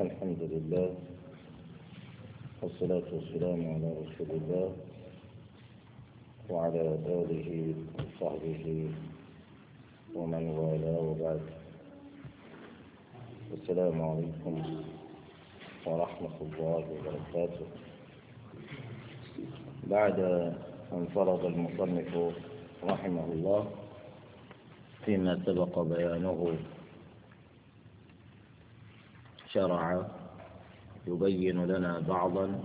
الحمد لله والصلاة والسلام على رسول الله وعلى آله وصحبه ومن والاه وبعد السلام عليكم ورحمة الله وبركاته بعد أن فرض المصنف رحمه الله فيما سبق بيانه شرع يبين لنا بعضا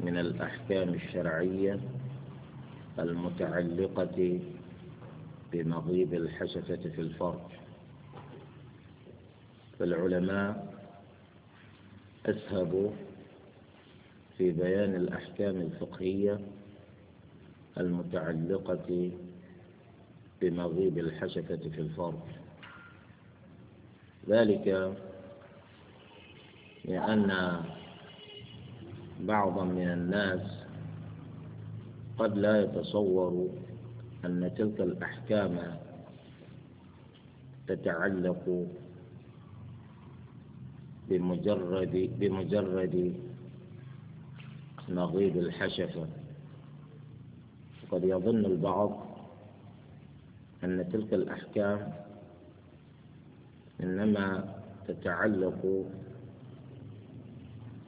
من الأحكام الشرعية المتعلقة بمغيب الحسفة في الفرج فالعلماء أسهبوا في بيان الأحكام الفقهية المتعلقة بمغيب الحسفة في الفرج ذلك لأن بعضا من الناس قد لا يتصور أن تلك الأحكام تتعلق بمجرد بمجرد نغيب الحشفة قد يظن البعض أن تلك الأحكام إنما تتعلق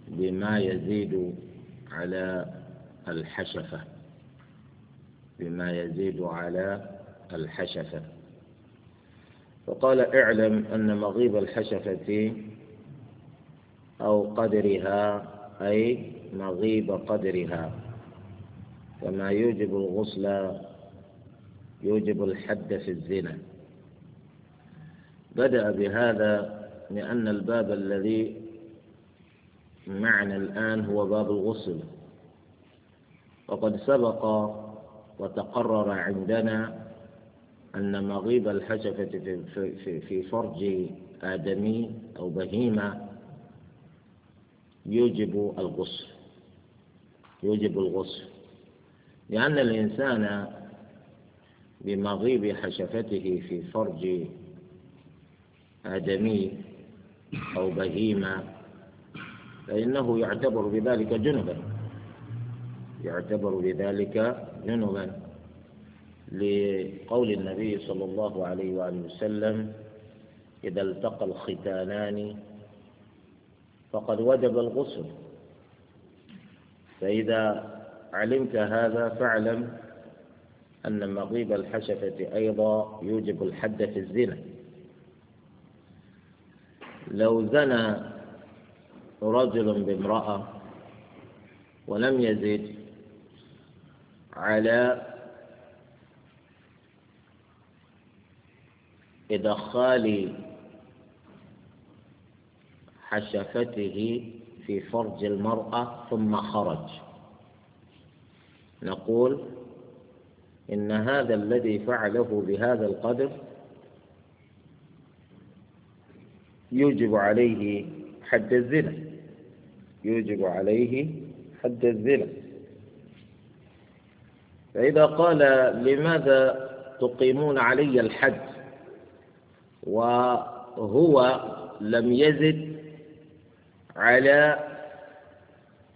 بما يزيد على الحشفة بما يزيد على الحشفة فقال اعلم أن مغيب الحشفة أو قدرها أي مغيب قدرها كما يوجب الغسل يوجب الحد في الزنا بدأ بهذا لأن الباب الذي معنا الآن هو باب الغسل وقد سبق وتقرر عندنا أن مغيب الحشفة في فرج آدمي أو بهيمة يوجب الغسل يوجب الغسل لأن الإنسان بمغيب حشفته في فرج آدمي أو بهيمة فإنه يعتبر بذلك جنبا يعتبر بذلك جنبا لقول النبي صلى الله عليه وآله وسلم إذا التقى الختانان فقد وجب الغسل فإذا علمت هذا فاعلم أن مغيب الحشفة أيضا يوجب الحد في الزنا لو زنى رجل بامرأة ولم يزد على إدخال حشفته في فرج المرأة ثم خرج نقول إن هذا الذي فعله بهذا القدر يوجب عليه حد الزنا يوجب عليه حد الذلة فإذا قال لماذا تقيمون علي الحد وهو لم يزد على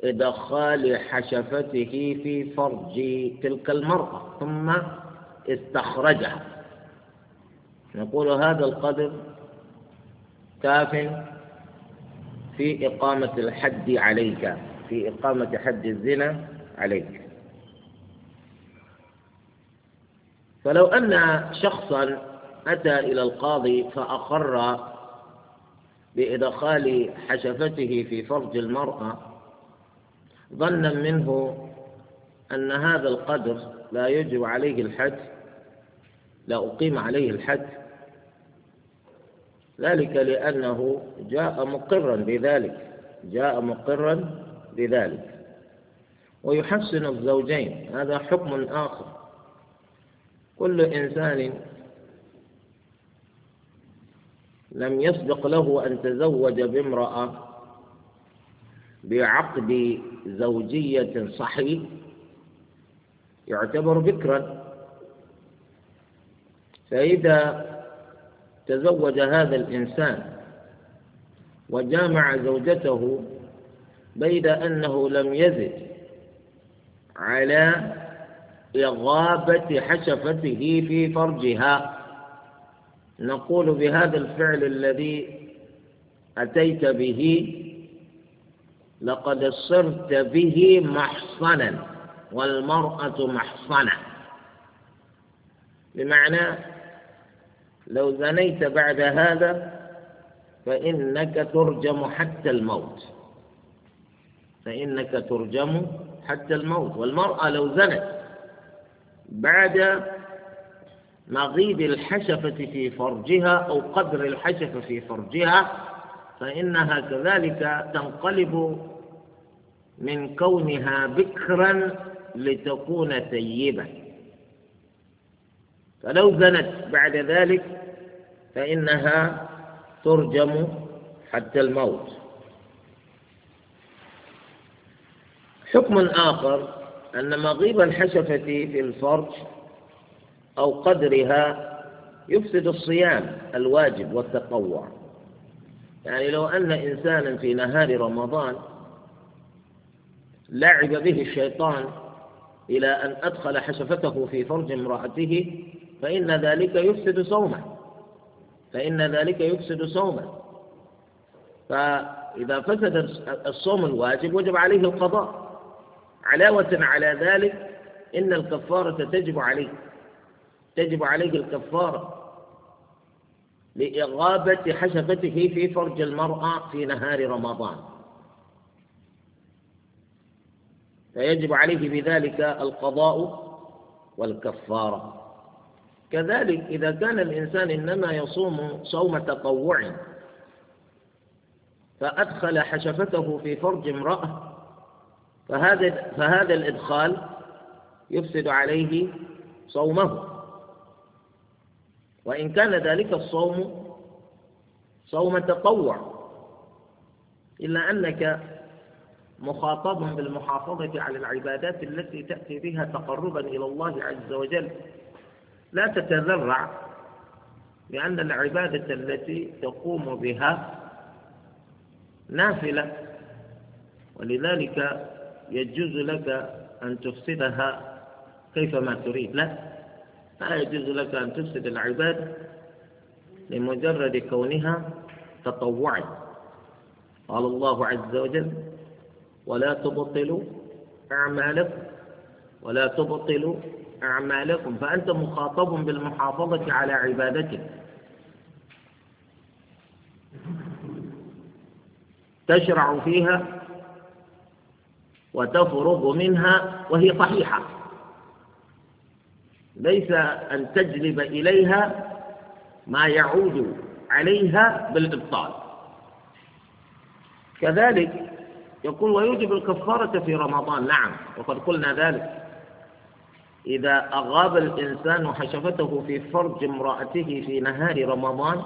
إدخال حشفته في فرج تلك المرأة ثم استخرجها نقول هذا القدر كاف في إقامة الحد عليك في إقامة حد الزنا عليك فلو أن شخصا أتى إلى القاضي فأقر بإدخال حشفته في فرج المرأة ظنا منه أن هذا القدر لا يجب عليه الحد لا أقيم عليه الحد ذلك لأنه جاء مقرا بذلك جاء مقرا بذلك ويحسن الزوجين هذا حكم آخر كل إنسان لم يسبق له أن تزوج بامرأة بعقد زوجية صحيح يعتبر بكرا فإذا تزوج هذا الإنسان وجامع زوجته بيد أنه لم يزد على إغابة حشفته في فرجها نقول بهذا الفعل الذي أتيت به لقد صرت به محصنا والمرأة محصنة بمعنى لو زنيت بعد هذا فإنك ترجم حتى الموت فإنك ترجم حتى الموت والمرأة لو زنت بعد مغيب الحشفة في فرجها أو قدر الحشفة في فرجها فإنها كذلك تنقلب من كونها بكرا لتكون ثيبة فلو زنت بعد ذلك فإنها ترجم حتى الموت حكم آخر أن مغيب الحشفة في الفرج أو قدرها يفسد الصيام الواجب والتطوع يعني لو أن إنسانا في نهار رمضان لعب به الشيطان إلى أن أدخل حشفته في فرج امرأته فإن ذلك يفسد صومه فإن ذلك يفسد صومه فإذا فسد الصوم الواجب وجب عليه القضاء علاوة على ذلك إن الكفارة تجب عليه تجب عليه الكفارة لإغابة حشفته في فرج المرأة في نهار رمضان فيجب عليه بذلك القضاء والكفارة كذلك إذا كان الإنسان إنما يصوم صوم تطوع فأدخل حشفته في فرج امرأة فهذا فهذا الإدخال يفسد عليه صومه وإن كان ذلك الصوم صوم تطوع إلا أنك مخاطب بالمحافظة على العبادات التي تأتي بها تقربا إلى الله عز وجل لا تتذرع لأن العبادة التي تقوم بها نافلة ولذلك يجوز لك أن تفسدها كيفما تريد لا لا يجوز لك أن تفسد العبادة لمجرد كونها تطوعي قال الله عز وجل ولا تبطلوا أعمالكم ولا تبطلوا أعمالكم فأنت مخاطب بالمحافظة على عبادتك تشرع فيها وتفرغ منها وهي صحيحة ليس أن تجلب إليها ما يعود عليها بالإبطال كذلك يقول ويوجب الكفارة في رمضان نعم وقد قلنا ذلك إذا أغاب الإنسان حشفته في فرج امرأته في نهار رمضان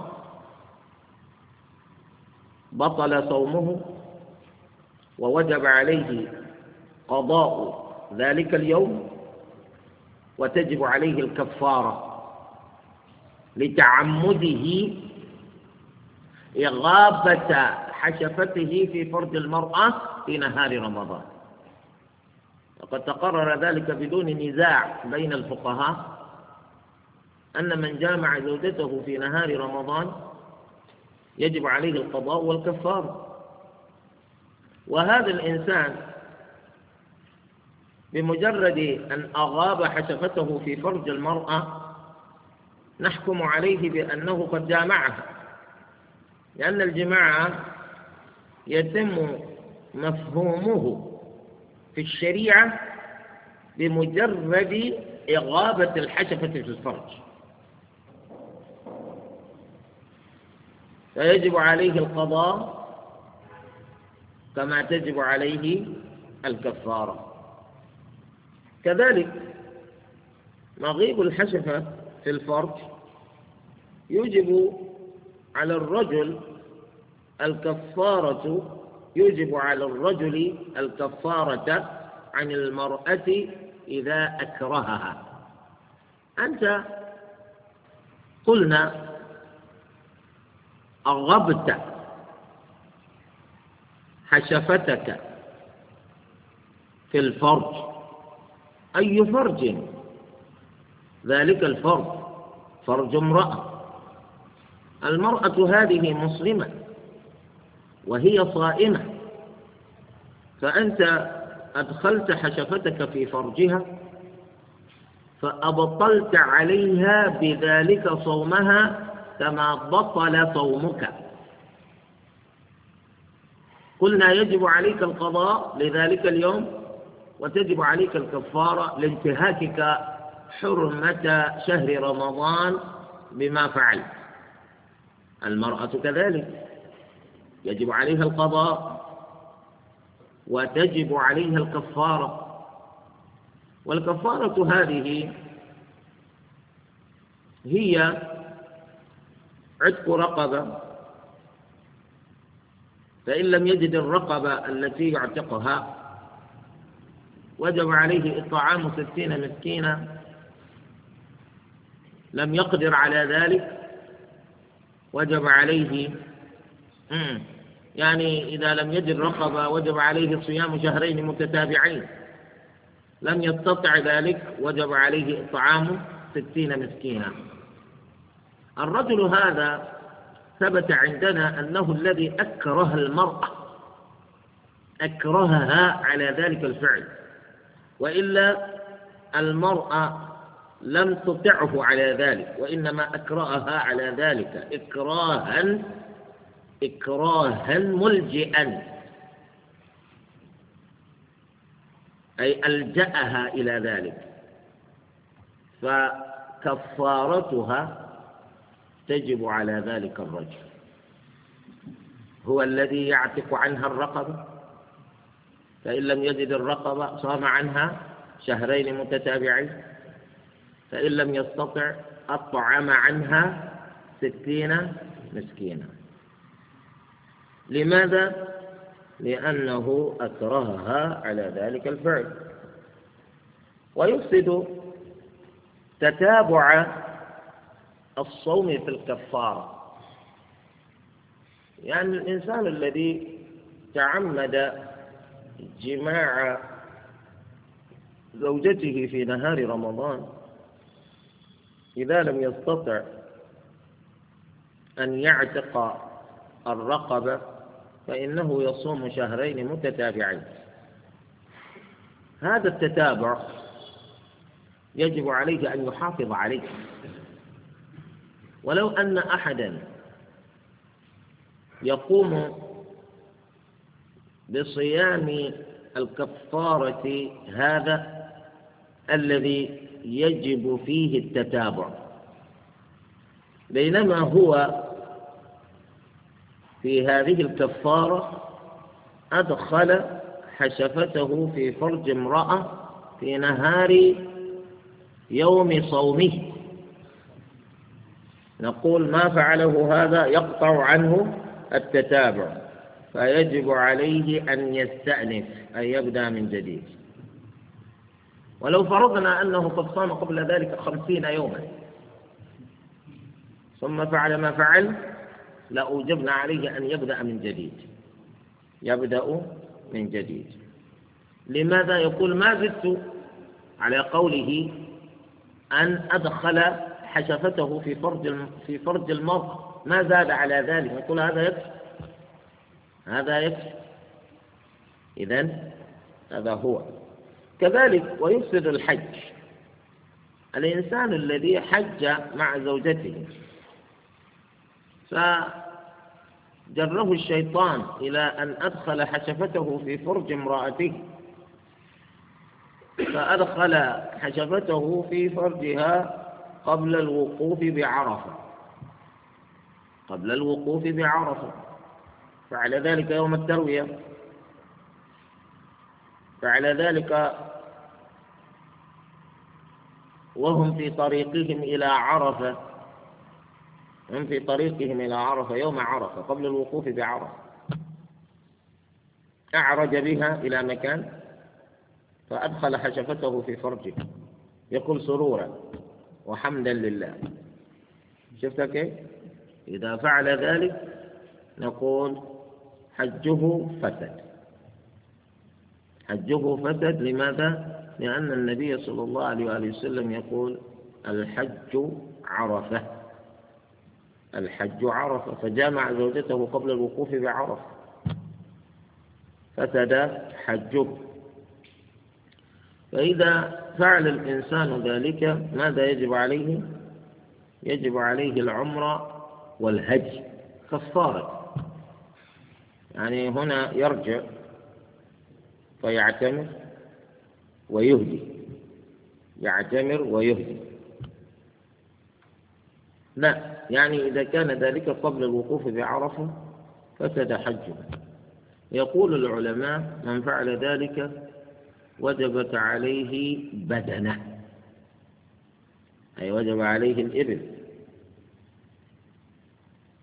بطل صومه ووجب عليه قضاء ذلك اليوم وتجب عليه الكفارة لتعمده إغابة حشفته في فرج المرأة في نهار رمضان وقد تقرر ذلك بدون نزاع بين الفقهاء أن من جامع زوجته في نهار رمضان يجب عليه القضاء والكفارة وهذا الإنسان بمجرد أن أغاب حشفته في فرج المرأة نحكم عليه بأنه قد جامعها لأن الجماعة يتم مفهومه في الشريعة بمجرد إغابة الحشفة في الفرج فيجب عليه القضاء كما تجب عليه الكفارة كذلك مغيب الحشفة في الفرج يجب على الرجل الكفارة يجب على الرجل الكفارة عن المرأة إذا أكرهها أنت قلنا أغبت حشفتك في الفرج أي فرج ذلك الفرج فرج امرأة المرأة هذه مسلمة وهي صائمة فأنت أدخلت حشفتك في فرجها فأبطلت عليها بذلك صومها كما بطل صومك قلنا يجب عليك القضاء لذلك اليوم وتجب عليك الكفارة لانتهاكك حرمة شهر رمضان بما فعلت المرأة كذلك يجب عليها القضاء وتجب عليها الكفارة والكفارة هذه هي عتق رقبة فإن لم يجد الرقبة التي يعتقها وجب عليه إطعام ستين مسكينا لم يقدر على ذلك وجب عليه يعني إذا لم يجد رقبة وجب عليه صيام شهرين متتابعين لم يستطع ذلك وجب عليه إطعام ستين مسكينا الرجل هذا ثبت عندنا أنه الذي أكره المرأة أكرهها على ذلك الفعل وإلا المرأة لم تطعه على ذلك وإنما أكرهها على ذلك إكراها إكراها ملجئا أي ألجأها إلى ذلك فكفارتها تجب على ذلك الرجل هو الذي يعتق عنها الرقبة فإن لم يجد الرقبة صام عنها شهرين متتابعين فإن لم يستطع أطعم عنها ستين مسكينا لماذا؟ لأنه أكرهها على ذلك الفعل ويفسد تتابع الصوم في الكفارة يعني الإنسان الذي تعمد جماع زوجته في نهار رمضان إذا لم يستطع أن يعتق الرقبة فإنه يصوم شهرين متتابعين هذا التتابع يجب عليه أن يحافظ عليه ولو أن أحدا يقوم بصيام الكفارة هذا الذي يجب فيه التتابع بينما هو في هذه الكفارة أدخل حشفته في فرج امرأة في نهار يوم صومه نقول ما فعله هذا يقطع عنه التتابع فيجب عليه أن يستأنف أن يبدأ من جديد ولو فرضنا أنه قد صام قبل ذلك خمسين يوما ثم فعل ما فعل لأوجبنا عليه أن يبدأ من جديد يبدأ من جديد لماذا يقول ما زدت على قوله أن أدخل حشفته في فرج في فرج المرء ما زاد على ذلك يقول هذا يكفي هذا يكفي إذا هذا هو كذلك ويفسد الحج الإنسان الذي حج مع زوجته فجره الشيطان إلى أن أدخل حشفته في فرج امرأته فأدخل حشفته في فرجها قبل الوقوف بعرفة قبل الوقوف بعرفة فعلى ذلك يوم التروية فعلى ذلك وهم في طريقهم إلى عرفة من في طريقهم إلى عرفة يوم عرفة قبل الوقوف بعرفة أعرج بها إلى مكان فأدخل حشفته في فرجه يقول سرورا وحمدا لله شفت كيف؟ إذا فعل ذلك نقول حجه فسد حجه فسد لماذا؟ لأن النبي صلى الله عليه وآله وسلم يقول الحج عرفة الحج عرفة فجامع زوجته قبل الوقوف بعرفة فسد حجه فإذا فعل الإنسان ذلك ماذا يجب عليه؟ يجب عليه العمرة والهج كفارة يعني هنا يرجع فيعتمر ويهدي يعتمر ويهدي لا يعني إذا كان ذلك قبل الوقوف بعرفة فسد حجه يقول العلماء من فعل ذلك وجبت عليه بدنه أي وجب عليه الإبل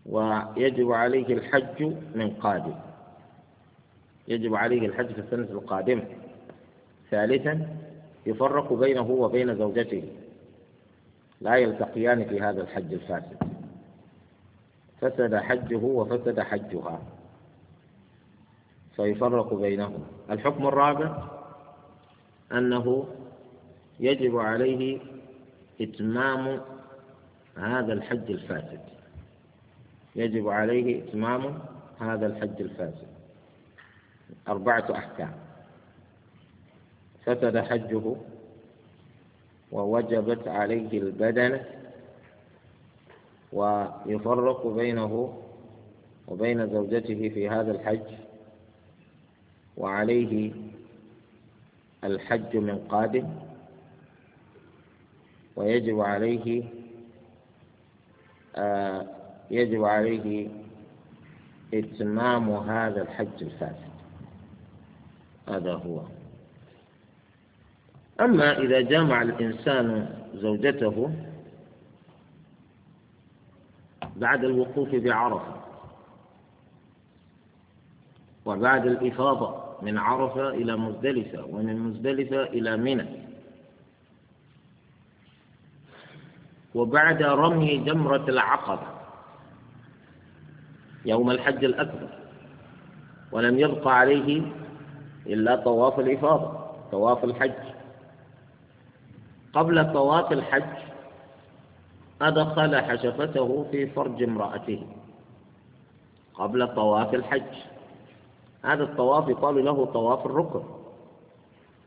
ويجب عليه الحج من قادم يجب عليه الحج في السنة القادمة ثالثا يفرق بينه وبين زوجته لا يلتقيان في هذا الحج الفاسد فسد حجه وفسد حجها فيفرق بينهما الحكم الرابع أنه يجب عليه إتمام هذا الحج الفاسد يجب عليه إتمام هذا الحج الفاسد أربعة أحكام فسد حجه ووجبت عليه البدنة ويفرق بينه وبين زوجته في هذا الحج وعليه الحج من قادم ويجب عليه آه يجب عليه إتمام هذا الحج الفاسد هذا هو أما إذا جمع الإنسان زوجته بعد الوقوف بعرفة وبعد الإفاضة من عرفة إلى مزدلفة ومن مزدلفة إلى منى وبعد رمي جمرة العقبة يوم الحج الأكبر ولم يبق عليه إلا طواف الإفاضة طواف الحج قبل طواف الحج أدخل حشفته في فرج امرأته قبل طواف الحج هذا الطواف يقال له طواف الركن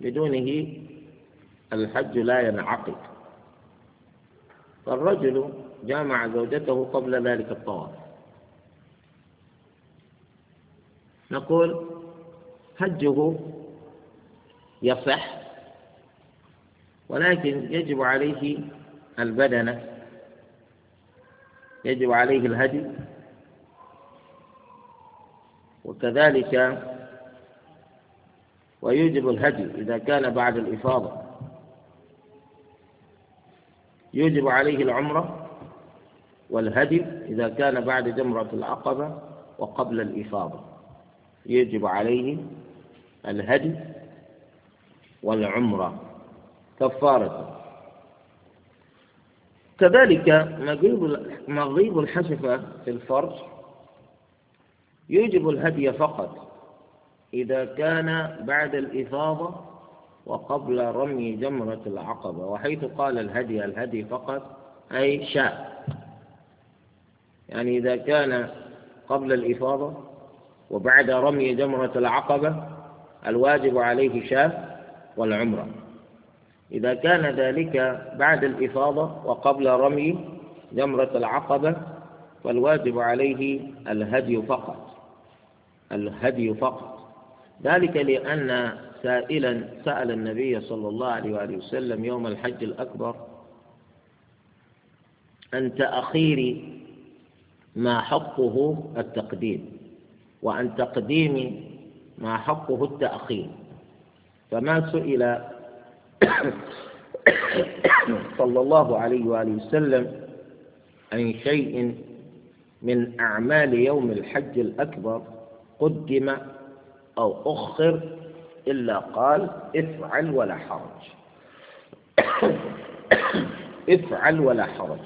بدونه الحج لا ينعقد فالرجل جامع زوجته قبل ذلك الطواف نقول حجه يصح ولكن يجب عليه البدنة يجب عليه الهدي وكذلك ويوجب الهدي إذا كان بعد الإفاضة يوجب عليه العمرة والهدي إذا كان بعد جمرة العقبة وقبل الإفاضة يجب عليه الهدي والعمرة كفارة كذلك مغيب الحشفة في الفرج يوجب الهدي فقط إذا كان بعد الإفاضة وقبل رمي جمرة العقبة وحيث قال الهدي الهدي فقط أي شاء يعني إذا كان قبل الإفاضة وبعد رمي جمرة العقبة الواجب عليه شاء والعمرة إذا كان ذلك بعد الإفاضة وقبل رمي جمرة العقبة فالواجب عليه الهدي فقط الهدي فقط ذلك لأن سائلا سأل النبي صلى الله عليه وآله وسلم يوم الحج الأكبر أن تأخيري ما حقه التقديم وأن تقديم ما حقه التأخير فما سئل صلى الله عليه وآله وسلم عن شيء من أعمال يوم الحج الأكبر قدم أو أخر إلا قال افعل ولا حرج افعل ولا حرج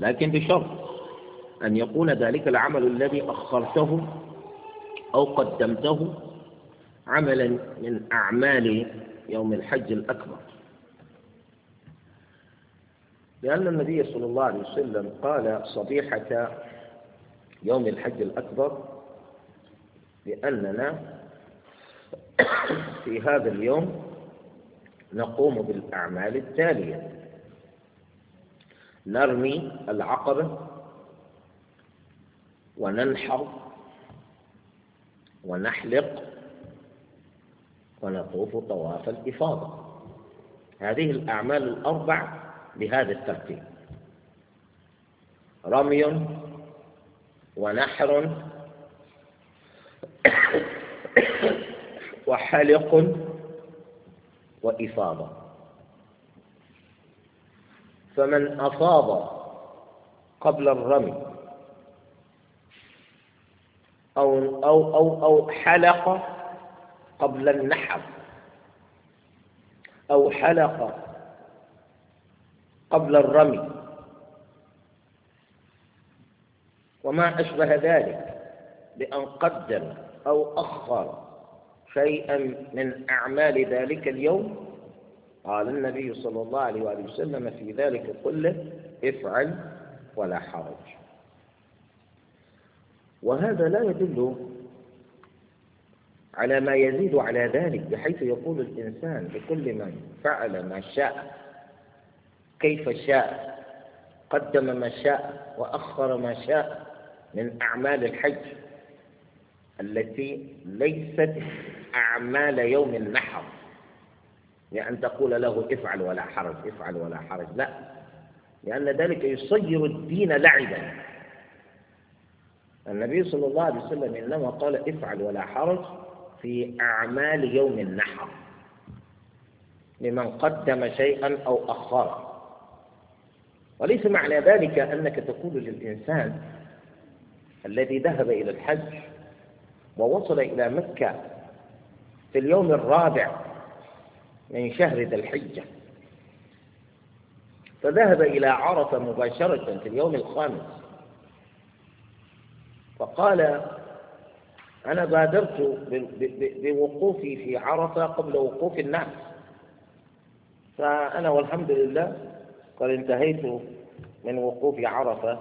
لكن بشرط أن يكون ذلك العمل الذي أخرته أو قدمته عملا من أعمال يوم الحج الأكبر لأن النبي صلى الله عليه وسلم قال صبيحة يوم الحج الأكبر لأننا في هذا اليوم نقوم بالأعمال التالية نرمي العقبة وننحر ونحلق ونطوف طواف الإفاضة هذه الأعمال الأربع بهذا الترتيب رمي ونحر وحلق وإفاضة فمن أفاض قبل الرمي أو أو أو أو حلق قبل النحر أو حلق قبل الرمي وما أشبه ذلك بأن قدم أو أخر شيئا من أعمال ذلك اليوم قال النبي صلى الله عليه وآله وسلم في ذلك كله افعل ولا حرج وهذا لا يدل على ما يزيد على ذلك بحيث يقول الإنسان لكل من فعل ما شاء كيف شاء قدم ما شاء وأخر ما شاء من أعمال الحج التي ليست أعمال يوم النحر لأن تقول له افعل ولا حرج افعل ولا حرج لا لأن ذلك يصير الدين لعبا النبي صلى الله عليه وسلم إنما قال افعل ولا حرج في أعمال يوم النحر لمن قدم شيئا أو أخر وليس معنى ذلك أنك تقول للإنسان الذي ذهب إلى الحج ووصل إلى مكة في اليوم الرابع من شهر ذي الحجة فذهب إلى عرفة مباشرة في اليوم الخامس فقال أنا بادرت بوقوفي في عرفة قبل وقوف الناس فأنا والحمد لله قد انتهيت من وقوف عرفة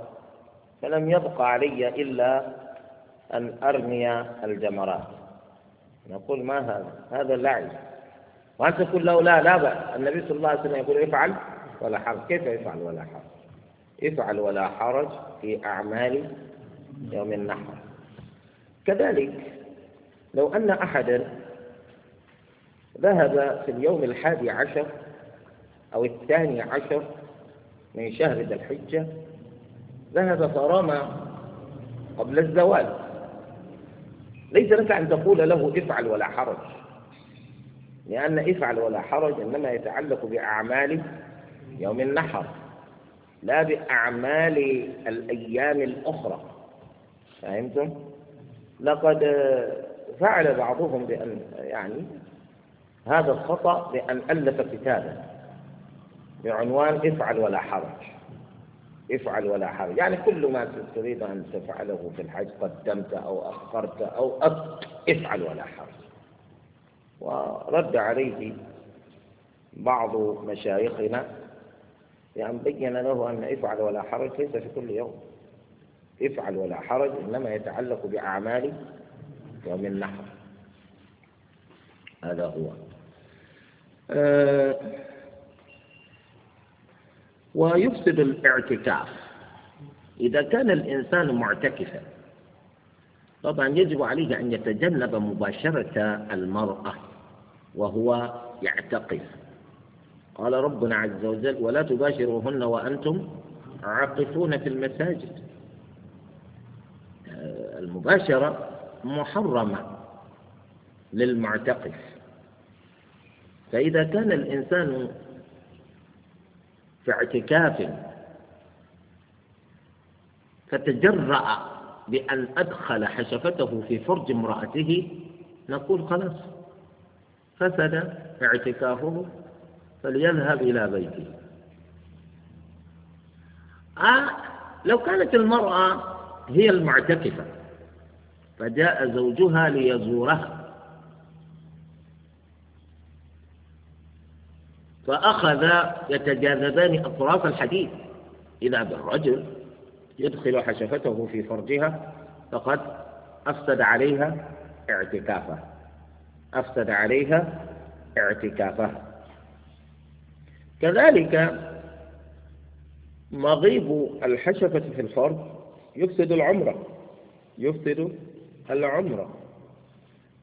فلم يبق علي إلا أن أرمي الجمرات نقول ما هذا هذا اللعب وأنت تقول له لا لا بأس النبي صلى الله عليه وسلم يقول افعل ولا حرج كيف يفعل ولا حرج افعل ولا حرج في أعمال يوم النحر كذلك لو أن أحدا ذهب في اليوم الحادي عشر أو الثاني عشر من شهر ذي الحجة ذهب فرام قبل الزوال ليس لك أن تقول له افعل ولا حرج لأن افعل ولا حرج إنما يتعلق بأعمال يوم النحر لا بأعمال الأيام الأخرى فهمتم؟ لقد فعل بعضهم بأن يعني هذا الخطأ بأن ألف كتابا بعنوان افعل ولا حرج افعل ولا حرج يعني كل ما تريد أن تفعله في الحج قدمت أو أخرت أو أب افعل ولا حرج ورد عليه بعض مشايخنا يعني بين له أن افعل ولا حرج ليس في كل يوم افعل ولا حرج إنما يتعلق بأعمال يوم النحر هذا هو أه ويفسد الاعتكاف إذا كان الإنسان معتكفا طبعا يجب عليه أن يتجنب مباشرة المرأة وهو يعتقف قال ربنا عز وجل ولا تباشروهن وأنتم عاقفون في المساجد المباشرة محرمة للمعتقف فإذا كان الإنسان في اعتكاف فتجرأ بأن أدخل حشفته في فرج امرأته نقول خلاص فسد اعتكافه فليذهب إلى بيته آه لو كانت المرأة هي المعتكفة فجاء زوجها ليزورها فأخذ يتجاذبان أطراف الحديث إذا بالرجل يدخل حشفته في فرجها فقد أفسد عليها اعتكافه أفسد عليها اعتكافه كذلك مغيب الحشفة في الفرج يفسد العمرة يفسد العمرة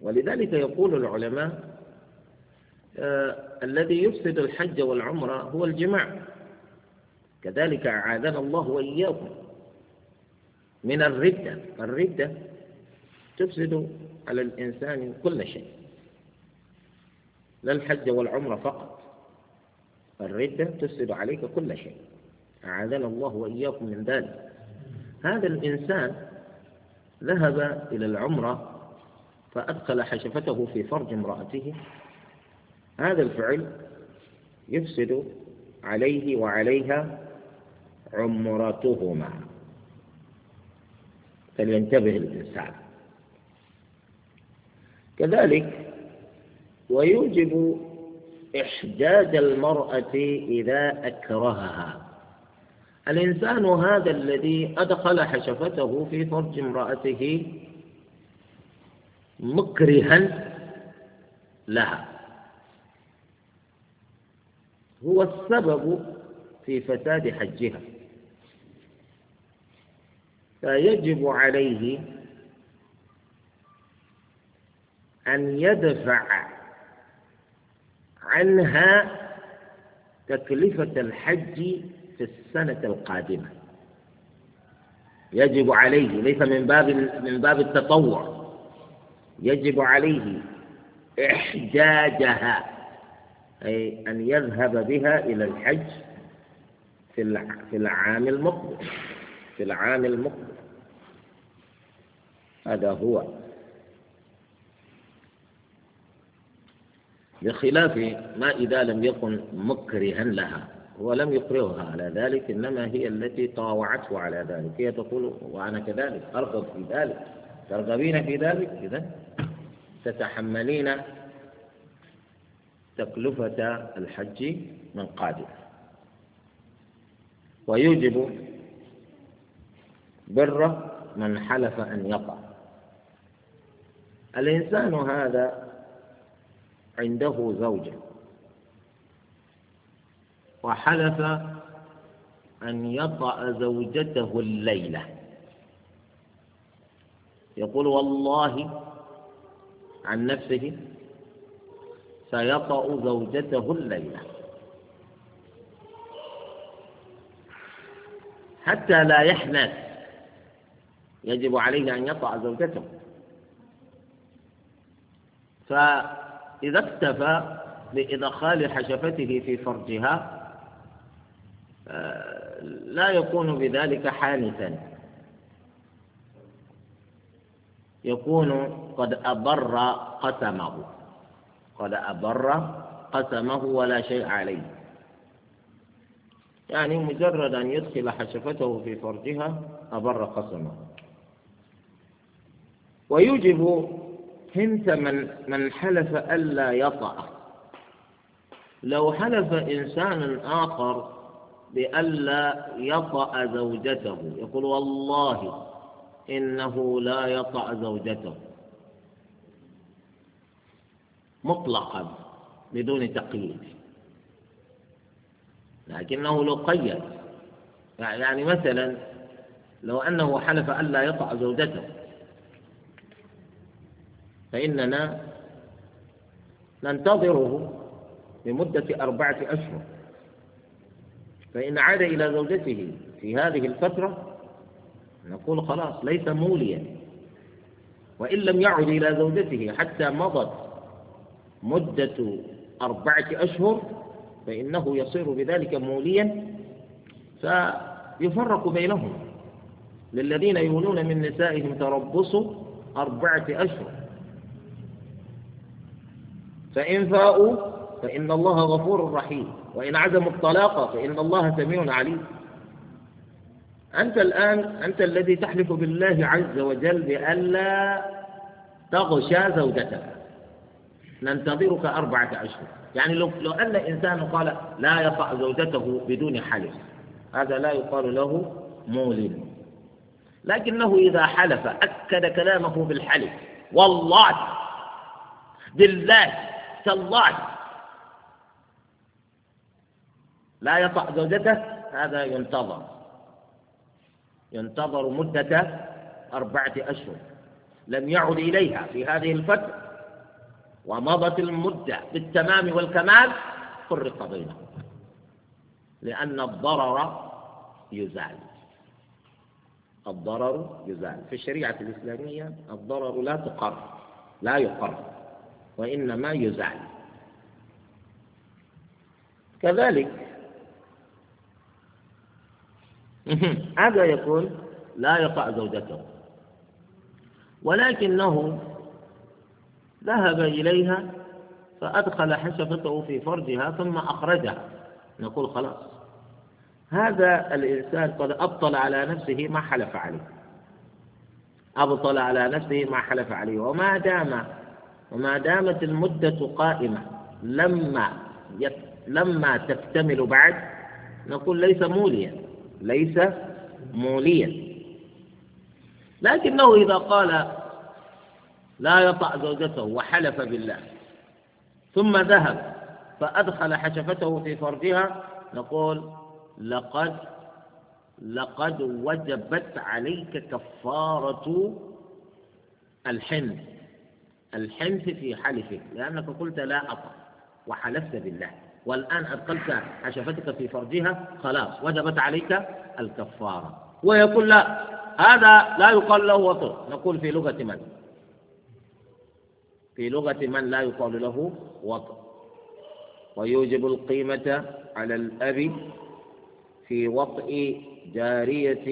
ولذلك يقول العلماء آه الذي يفسد الحج والعمرة هو الجماع كذلك أعاذنا الله وإياكم من الردة الردة تفسد على الإنسان كل شيء لا الحج والعمرة فقط الردة تفسد عليك كل شيء أعاذنا الله وإياكم من ذلك هذا الإنسان ذهب إلى العمرة فأدخل حشفته في فرج امرأته هذا الفعل يفسد عليه وعليها عمرتهما فلينتبه الإنسان كذلك ويوجب إحداد المرأة إذا أكرهها الإنسان هذا الذي أدخل حشفته في فرج امرأته مكرها لها هو السبب في فساد حجها فيجب عليه أن يدفع عنها تكلفة الحج في السنة القادمة يجب عليه ليس من باب من باب التطوع يجب عليه إحجاجها أي أن يذهب بها إلى الحج في في العام المقبل في العام المقبل هذا هو بخلاف ما إذا لم يكن مكرها لها هو لم يقررها على ذلك إنما هي التي طاوعته على ذلك هي تقول وأنا كذلك أرغب في ذلك ترغبين في ذلك إذا تتحملين تكلفة الحج من قادم ويوجب بر من حلف أن يقع الإنسان هذا عنده زوجة وحلف أن يطأ زوجته الليلة يقول والله عن نفسه سيطأ زوجته الليلة حتى لا يحنث يجب عليه أن يطأ زوجته فإذا اكتفى بإدخال حشفته في فرجها لا يكون بذلك حادثا يكون قد أبر قسمه قد أبر قسمه ولا شيء عليه يعني مجرد أن يدخل حشفته في فرجها أبر قسمه ويجب حنث من من حلف ألا يطأ لو حلف إنسان آخر بألا يطأ زوجته يقول والله إنه لا يطأ زوجته مطلقا بدون تقييد لكنه لو قيد يعني مثلا لو أنه حلف ألا يطأ زوجته فإننا ننتظره لمدة أربعة أشهر فإن عاد إلى زوجته في هذه الفترة نقول خلاص ليس موليا وإن لم يعد إلى زوجته حتى مضت مدة أربعة أشهر فإنه يصير بذلك موليا فيفرق بينهم للذين يولون من نسائهم تربص أربعة أشهر فإن فاءوا فإن الله غفور رحيم وإن عزموا الطلاق فإن الله سميع عليم أنت الآن أنت الذي تحلف بالله عز وجل بألا تغشى زوجتك ننتظرك أربعة أشهر يعني لو, لو أن إنسان قال لا يقع زوجته بدون حلف هذا لا يقال له مولد لكنه إذا حلف أكد كلامه بالحلف والله بالله تالله لا يطع زوجته هذا ينتظر ينتظر مدة أربعة أشهر لم يعد إليها في هذه الفترة ومضت المدة بالتمام والكمال فرق بينهم لأن الضرر يزال الضرر يزال في الشريعة الإسلامية الضرر لا تقر لا يقر وإنما يزال كذلك هذا يقول لا يقع زوجته ولكنه ذهب إليها فأدخل حشفته في فرجها ثم أخرجها نقول خلاص هذا الإنسان قد أبطل على نفسه ما حلف عليه أبطل على نفسه ما حلف عليه وما دام وما دامت المدة قائمة لما لما تكتمل بعد نقول ليس موليا ليس موليا لكنه إذا قال لا يطع زوجته وحلف بالله ثم ذهب فأدخل حشفته في فرجها نقول لقد لقد وجبت عليك كفارة الحنث الحنث في حلفك لأنك قلت لا أطع وحلفت بالله والآن أدخلت حشفتك في فرجها خلاص وجبت عليك الكفارة ويقول لا هذا لا يقال له وطر نقول في لغة من في لغة من لا يقال له وطر ويوجب القيمة على الأب في وطئ جارية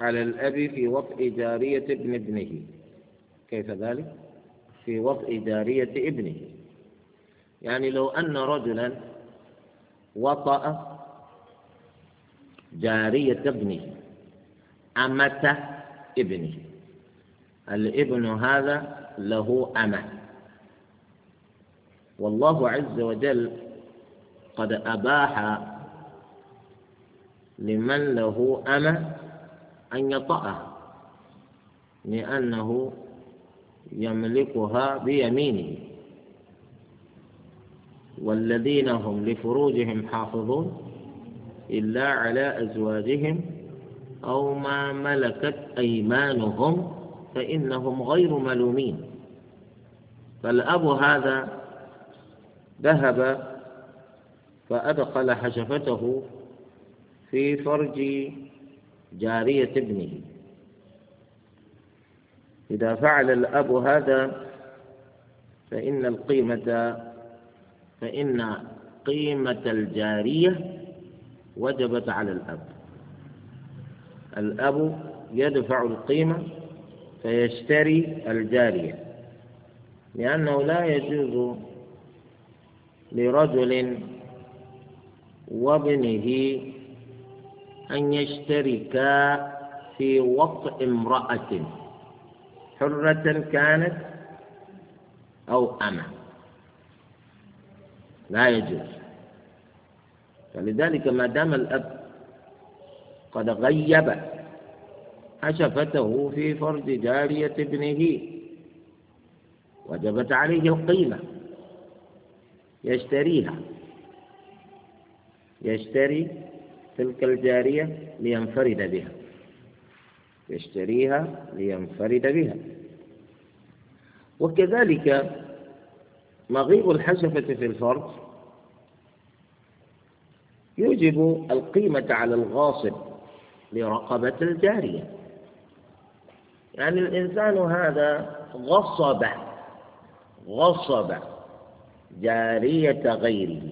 على الأب في وطئ جارية ابن ابنه كيف ذلك؟ في وضع جارية ابنه يعني لو أن رجلا وطأ جارية ابنه أمة ابنه الابن هذا له أمة والله عز وجل قد أباح لمن له أمة أن يطأه لأنه يملكها بيمينه والذين هم لفروجهم حافظون إلا على أزواجهم أو ما ملكت أيمانهم فإنهم غير ملومين فالأب هذا ذهب فأدخل حشفته في فرج جارية ابنه إذا فعل الأب هذا فإن القيمة فإن قيمة الجارية وجبت على الأب الأب يدفع القيمة فيشتري الجارية لأنه لا يجوز لرجل وابنه أن يشتركا في وطء امرأة حرة كانت أو أمة لا يجوز فلذلك ما دام الأب قد غيب حشفته في فرج جارية ابنه وجبت عليه القيمة يشتريها يشتري تلك الجارية لينفرد بها يشتريها لينفرد بها وكذلك مغيب الحشفة في الفرد يوجب القيمة على الغاصب لرقبة الجارية يعني الإنسان هذا غصب غصب جارية غيره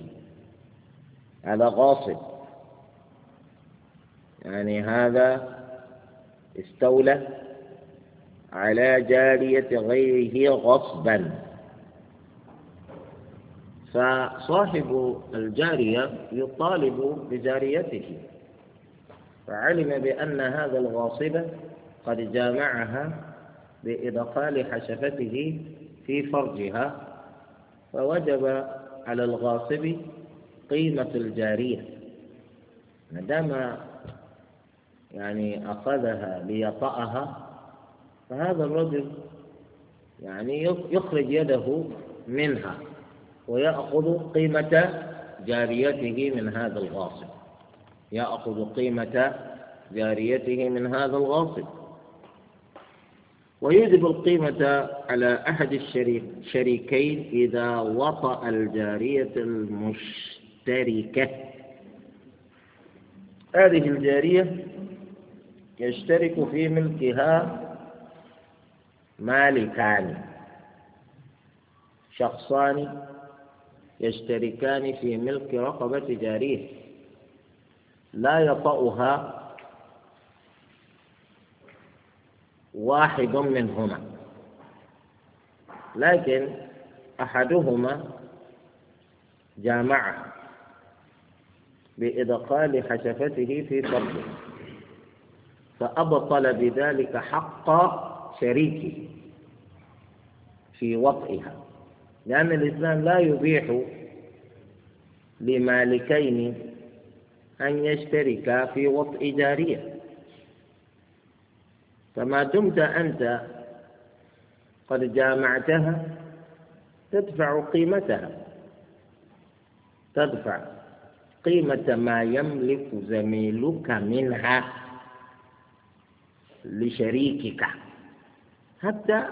هذا غاصب يعني هذا استولى على جارية غيره غصبا فصاحب الجارية يطالب بجاريته فعلم بأن هذا الغاصب قد جامعها بإدخال حشفته في فرجها فوجب على الغاصب قيمة الجارية ما دام يعني أخذها ليطأها فهذا الرجل يعني يخرج يده منها ويأخذ قيمة جاريته من هذا الغاصب يأخذ قيمة جاريته من هذا الغاصب ويجب القيمة على أحد الشريكين إذا وطأ الجارية المشتركة هذه الجارية يشترك في ملكها مالكان شخصان يشتركان في ملك رقبة جاريه لا يطأها واحد منهما لكن أحدهما جامعه بإدخال حشفته في قبضه فأبطل بذلك حق شريكه في وطئها لأن الإسلام لا يبيح لمالكين أن يشتركا في وطئ جارية فما دمت أنت قد جامعتها تدفع قيمتها تدفع قيمة ما يملك زميلك منها لشريكك حتى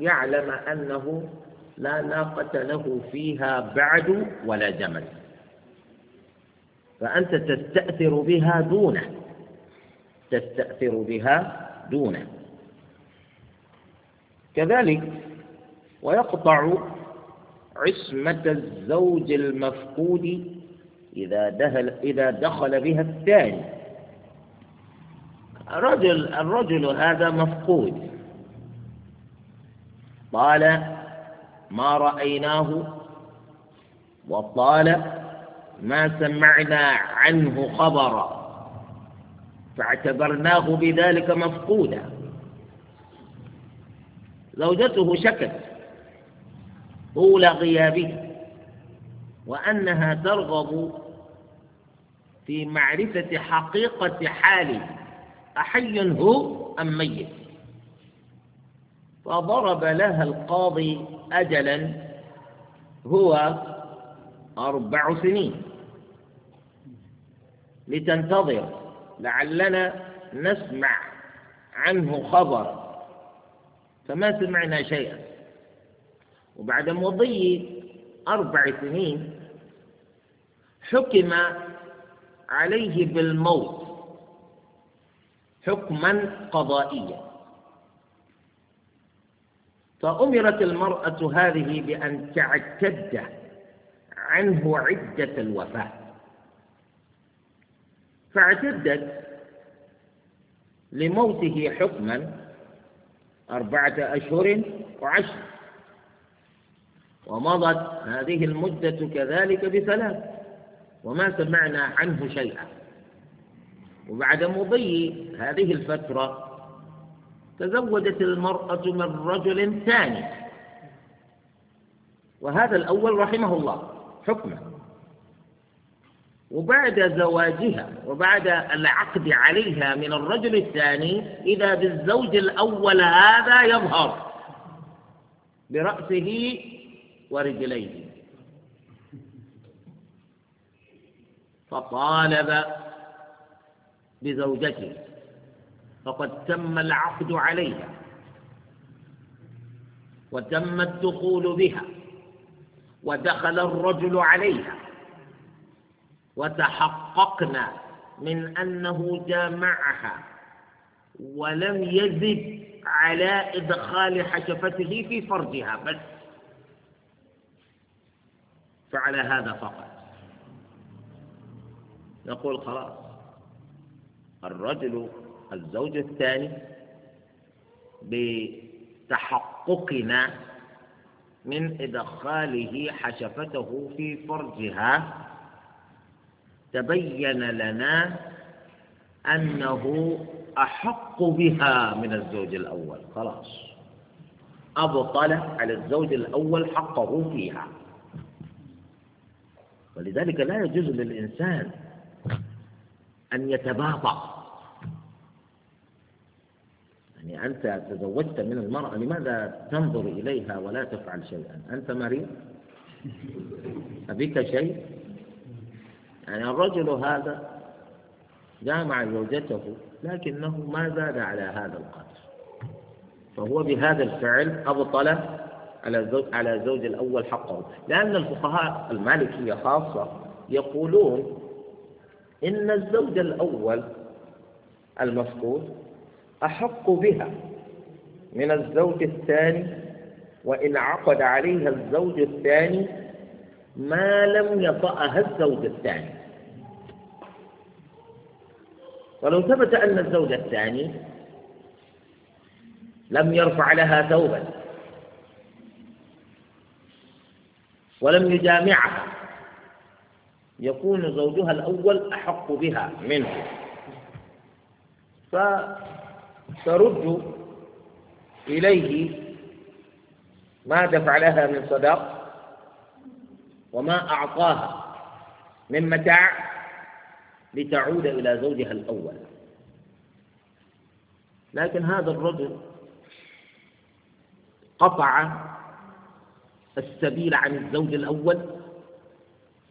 يعلم أنه لا ناقة له فيها بعد ولا جمل فأنت تستأثر بها دونه تستأثر بها دونه كذلك ويقطع عصمة الزوج المفقود إذا دخل, إذا دخل بها الثاني رجل الرجل هذا مفقود قال ما رأيناه وقال ما سمعنا عنه خبرا فاعتبرناه بذلك مفقودا زوجته شكت طول غيابه وأنها ترغب في معرفة حقيقة حاله أحي هو أم ميت فضرب لها القاضي أجلا هو أربع سنين لتنتظر لعلنا نسمع عنه خبر فما سمعنا شيئا وبعد مضي أربع سنين حكم عليه بالموت حكما قضائيا فأمرت المرأة هذه بأن تعتد عنه عدة الوفاة فاعتدت لموته حكما أربعة أشهر وعشر ومضت هذه المدة كذلك بثلاث وما سمعنا عنه شيئا وبعد مضي هذه الفترة تزوجت المرأة من رجل ثاني وهذا الأول رحمه الله حكمه وبعد زواجها وبعد العقد عليها من الرجل الثاني إذا بالزوج الأول هذا يظهر برأسه ورجليه فطالب بزوجته فقد تم العقد عليها وتم الدخول بها ودخل الرجل عليها وتحققنا من أنه جامعها ولم يزد على إدخال حشفته في فرجها بس فعلى هذا فقط نقول خلاص الرجل الزوج الثاني بتحققنا من إدخاله حشفته في فرجها تبين لنا أنه أحق بها من الزوج الأول خلاص أبطل على الزوج الأول حقه فيها ولذلك لا يجوز للإنسان أن يتباطأ يعني أنت تزوجت من المرأة لماذا تنظر إليها ولا تفعل شيئا أنت مريض أبيك شيء يعني الرجل هذا جامع زوجته لكنه ما زاد على هذا القدر فهو بهذا الفعل أبطل على زوج على زوج الأول حقه لأن الفقهاء المالكية خاصة يقولون إن الزوج الأول المفقود أحق بها من الزوج الثاني وإن عقد عليها الزوج الثاني ما لم يطأها الزوج الثاني ولو ثبت أن الزوج الثاني لم يرفع لها ثوبا ولم يجامعها يكون زوجها الأول أحق بها منه فترد إليه ما دفع لها من صدق وما أعطاها من متاع لتعود إلى زوجها الأول لكن هذا الرجل قطع السبيل عن الزوج الأول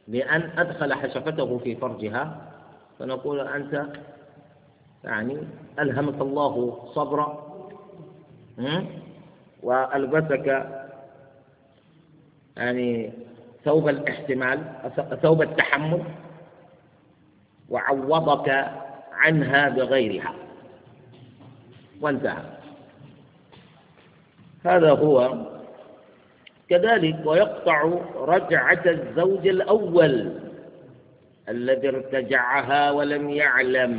بأن أدخل حشفته في فرجها فنقول أنت يعني ألهمك الله صبرا وألبسك يعني ثوب الاحتمال ثوب التحمل وعوضك عنها بغيرها وانتهى هذا هو كذلك ويقطع رجعة الزوج الأول الذي ارتجعها ولم يعلم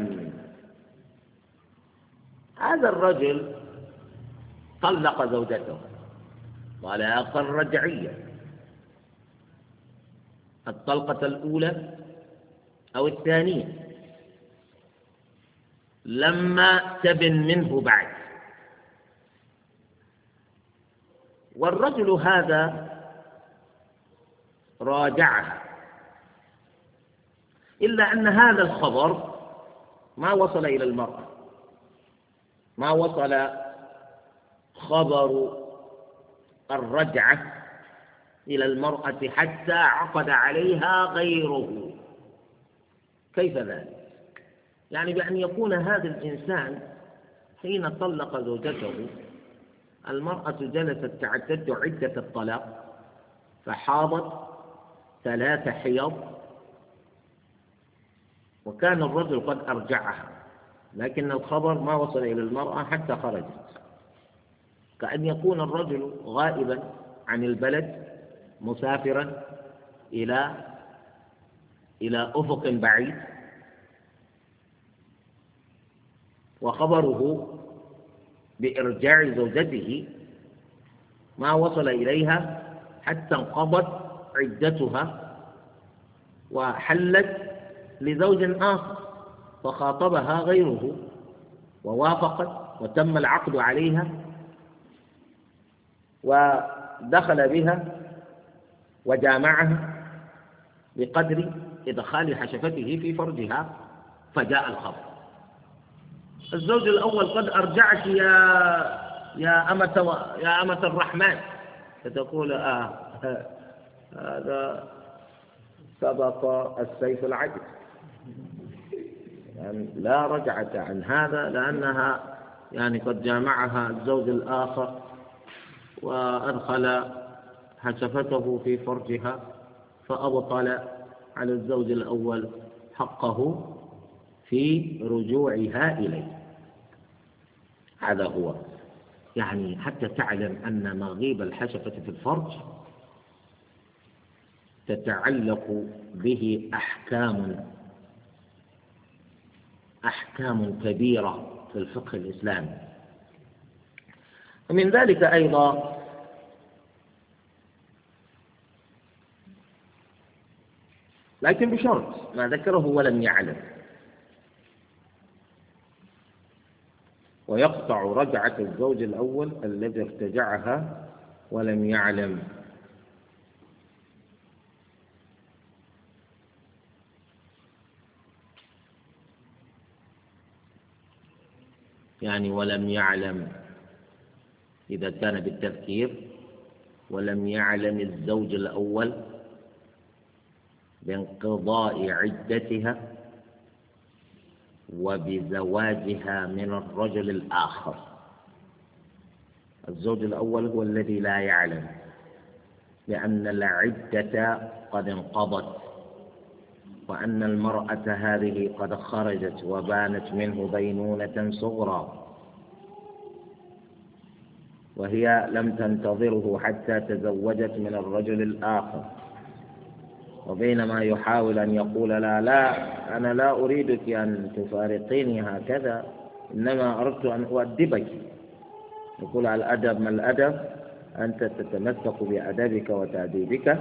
هذا الرجل طلق زوجته آخر رجعية الطلقة الأولى أو الثانية لما تبن منه بعد والرجل هذا راجعها إلا أن هذا الخبر ما وصل إلى المرأة ما وصل خبر الرجعة إلى المرأة حتى عقد عليها غيره كيف ذلك؟ يعني بأن يكون هذا الإنسان حين طلق زوجته المرأة جلست تعددت عدة الطلاق فحاضت ثلاث حيض وكان الرجل قد أرجعها لكن الخبر ما وصل إلى المرأة حتى خرجت كأن يكون الرجل غائبا عن البلد مسافرا إلى إلى أفق بعيد وخبره بإرجاع زوجته ما وصل إليها حتى انقضت عدتها وحلت لزوج آخر فخاطبها غيره ووافقت وتم العقد عليها ودخل بها وجامعها بقدر إدخال حشفته في فرجها فجاء الخبر الزوج الأول قد أرجعك يا يا أمة و... يا أمة الرحمن فتقول آه هذا سبق السيف العجل يعني لا رجعة عن هذا لأنها يعني قد جامعها الزوج الآخر وأدخل حسفته في فرجها فأبطل على الزوج الأول حقه في رجوعها إليه هذا هو يعني حتى تعلم أن مغيب الحشفة في الفرج تتعلق به أحكام أحكام كبيرة في الفقه الإسلامي ومن ذلك أيضا لكن بشرط ما ذكره ولم يعلم ويقطع رجعة الزوج الأول الذي ارتجعها ولم يعلم يعني ولم يعلم إذا كان بالتذكير ولم يعلم الزوج الأول بانقضاء عدتها وبزواجها من الرجل الآخر الزوج الأول هو الذي لا يعلم لأن العدة قد انقضت وأن المرأة هذه قد خرجت وبانت منه بينونة صغرى وهي لم تنتظره حتى تزوجت من الرجل الآخر وبينما يحاول أن يقول لا لا أنا لا أريدك أن تفارقيني هكذا إنما أردت أن أؤدبك يقول على الأدب ما الأدب أنت تتمسك بأدبك وتأديبك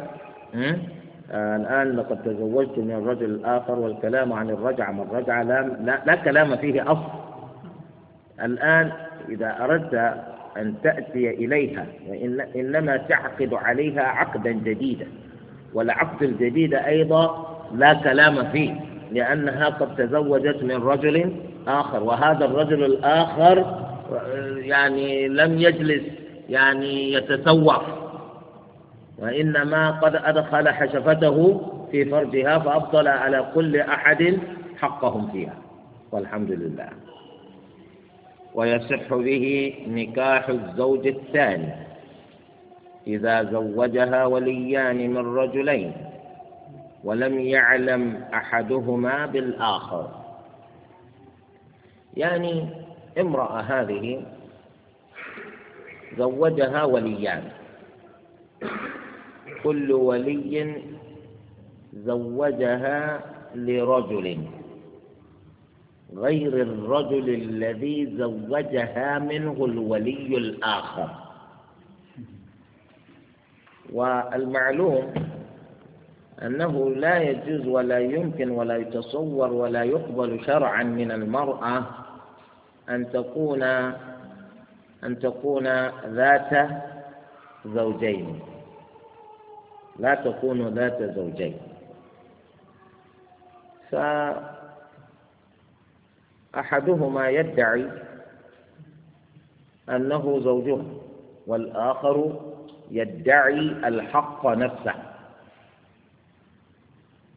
الآن لقد تزوجت من الرجل الآخر والكلام عن الرجعة ما الرجعة لا, لا, كلام فيه أصل الآن إذا أردت أن تأتي إليها إنما تعقد عليها عقدا جديدا والعقد الجديد أيضا لا كلام فيه لأنها قد تزوجت من رجل آخر وهذا الرجل الآخر يعني لم يجلس يعني يتسوق وإنما قد أدخل حشفته في فرجها فأبطل على كل أحد حقهم فيها والحمد لله ويصح به نكاح الزوج الثاني إذا زوجها وليان من رجلين ولم يعلم أحدهما بالآخر يعني امرأة هذه زوجها وليان كل ولي زوجها لرجل غير الرجل الذي زوجها منه الولي الآخر والمعلوم أنه لا يجوز ولا يمكن ولا يتصور ولا يقبل شرعا من المرأة أن تكون أن تكون ذات زوجين لا تكون ذات زوجين فأحدهما يدعي أنه زوجها والآخر يدعي الحق نفسه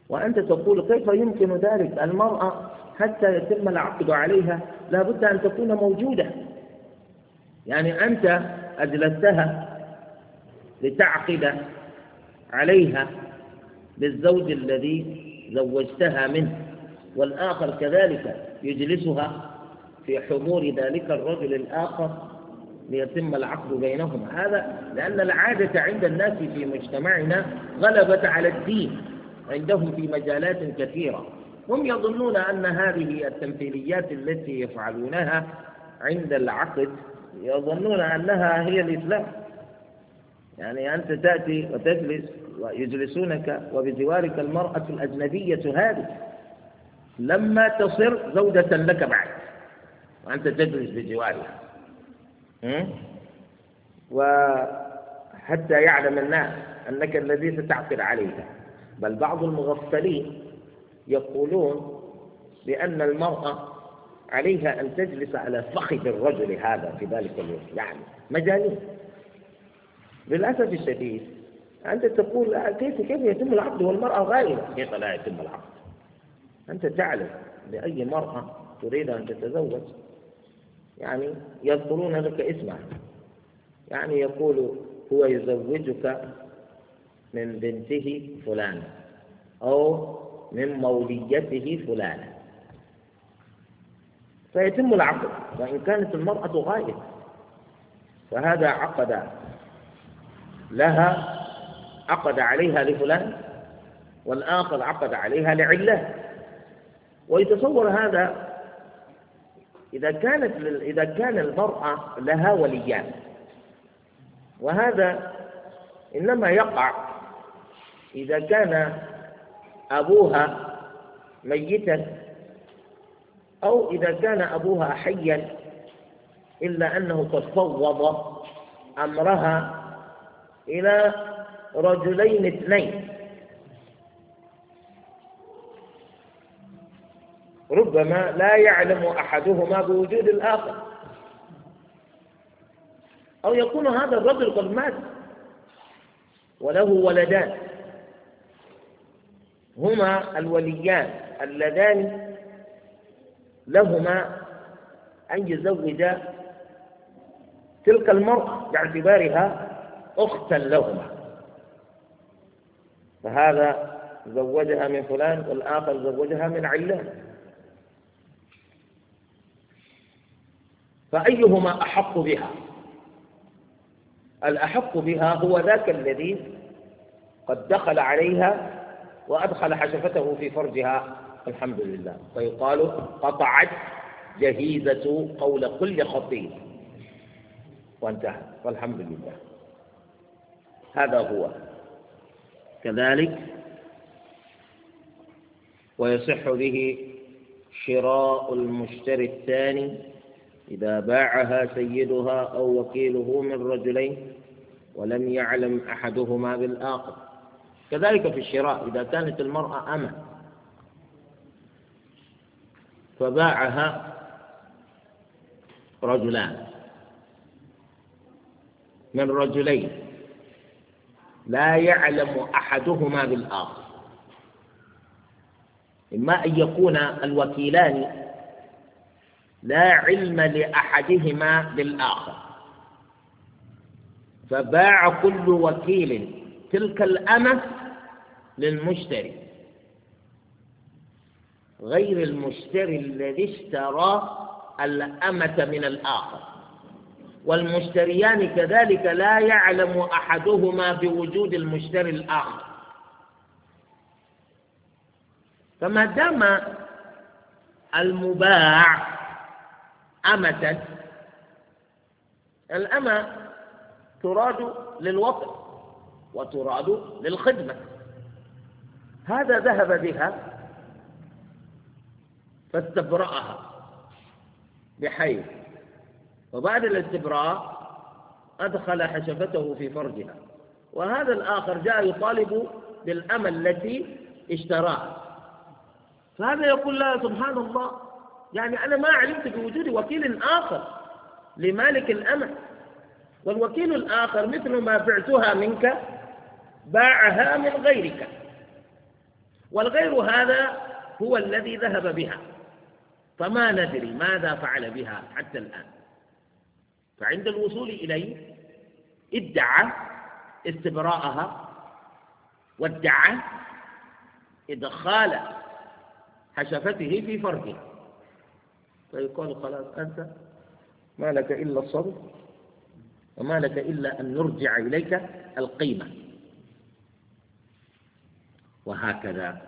وأنت تقول كيف يمكن ذلك المرأة حتى يتم العقد عليها لا بد أن تكون موجودة يعني أنت أجلستها لتعقد عليها للزوج الذي زوجتها منه والآخر كذلك يجلسها في حضور ذلك الرجل الآخر ليتم العقد بينهما هذا لأن العادة عند الناس في مجتمعنا غلبت على الدين عندهم في مجالات كثيرة هم يظنون أن هذه التمثيليات التي يفعلونها عند العقد يظنون أنها هي الإسلام يعني أنت تأتي وتجلس ويجلسونك وبجوارك المرأة الأجنبية هذه لما تصر زوجة لك بعد وأنت تجلس بجوارها وحتى يعلم الناس أنك الذي ستعثر عليها بل بعض المغفلين يقولون بأن المرأة عليها أن تجلس على فخذ الرجل هذا في ذلك الوقت يعني مجانين للأسف الشديد أنت تقول كيف كيف يتم العقد والمرأة غائبة كيف لا يتم العقد أنت تعلم لأي مرأة تريد أن تتزوج يعني يذكرون لك اسمه يعني يقول هو يزوجك من بنته فلانة أو من موليته فلانة فيتم العقد وإن كانت المرأة غائبة فهذا عقد لها عقد عليها لفلان والآخر عقد عليها لعلة ويتصور هذا إذا كانت إذا كان المرأة لها وليان وهذا إنما يقع إذا كان أبوها ميتا أو إذا كان أبوها حيا إلا أنه قد فوض أمرها إلى رجلين اثنين ربما لا يعلم أحدهما بوجود الآخر أو يكون هذا الرجل قد مات وله ولدان هما الوليان اللذان لهما أن يزوجا تلك المرأة باعتبارها أختا لهما فهذا زوجها من فلان والآخر زوجها من علان فأيهما أحق بها الأحق بها هو ذاك الذي قد دخل عليها وأدخل حشفته في فرجها الحمد لله فيقال قطعت جهيزة قول كل خطيب وانتهى والحمد لله هذا هو كذلك ويصح به شراء المشتري الثاني إذا باعها سيدها أو وكيله من رجلين ولم يعلم أحدهما بالآخر كذلك في الشراء إذا كانت المرأة أمة فباعها رجلان من رجلين لا يعلم أحدهما بالآخر إما أن يكون الوكيلان لا علم لأحدهما بالآخر فباع كل وكيل تلك الأمة للمشتري غير المشتري الذي اشترى الأمة من الآخر والمشتريان كذلك لا يعلم أحدهما بوجود المشتري الآخر فما دام المباع أمة الأمة تراد للوطن وتراد للخدمة هذا ذهب بها فاستبرأها بحيث وبعد الاستبراء أدخل حشفته في فرجها وهذا الآخر جاء يطالب بالأمل التي اشتراها فهذا يقول لها سبحان الله يعني أنا ما علمت بوجود وكيل آخر لمالك الأمة والوكيل الآخر مثل ما بعتها منك باعها من غيرك والغير هذا هو الذي ذهب بها فما ندري ماذا فعل بها حتى الآن فعند الوصول إليه ادعى استبراءها وادعى إدخال حشفته في فرجه فيقال خلاص أنت ما لك إلا الصبر وما لك إلا أن نرجع إليك القيمة وهكذا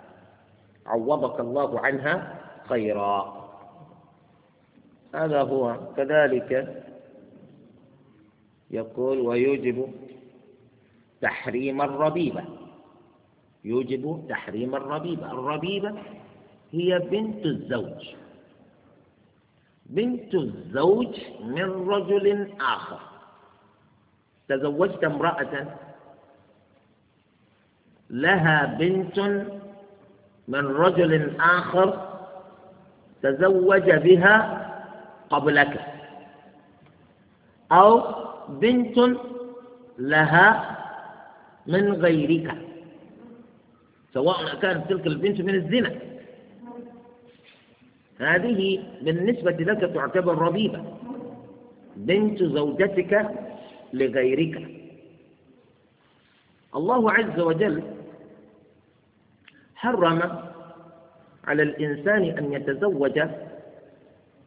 عوضك الله عنها خيرا هذا هو كذلك يقول ويوجب تحريم الربيبة يوجب تحريم الربيبة الربيبة هي بنت الزوج بنت الزوج من رجل آخر تزوجت امرأة لها بنت من رجل آخر تزوج بها قبلك أو بنت لها من غيرك سواء كانت تلك البنت من الزنا هذه بالنسبة لك تعتبر ربيبة بنت زوجتك لغيرك الله عز وجل حرم على الإنسان أن يتزوج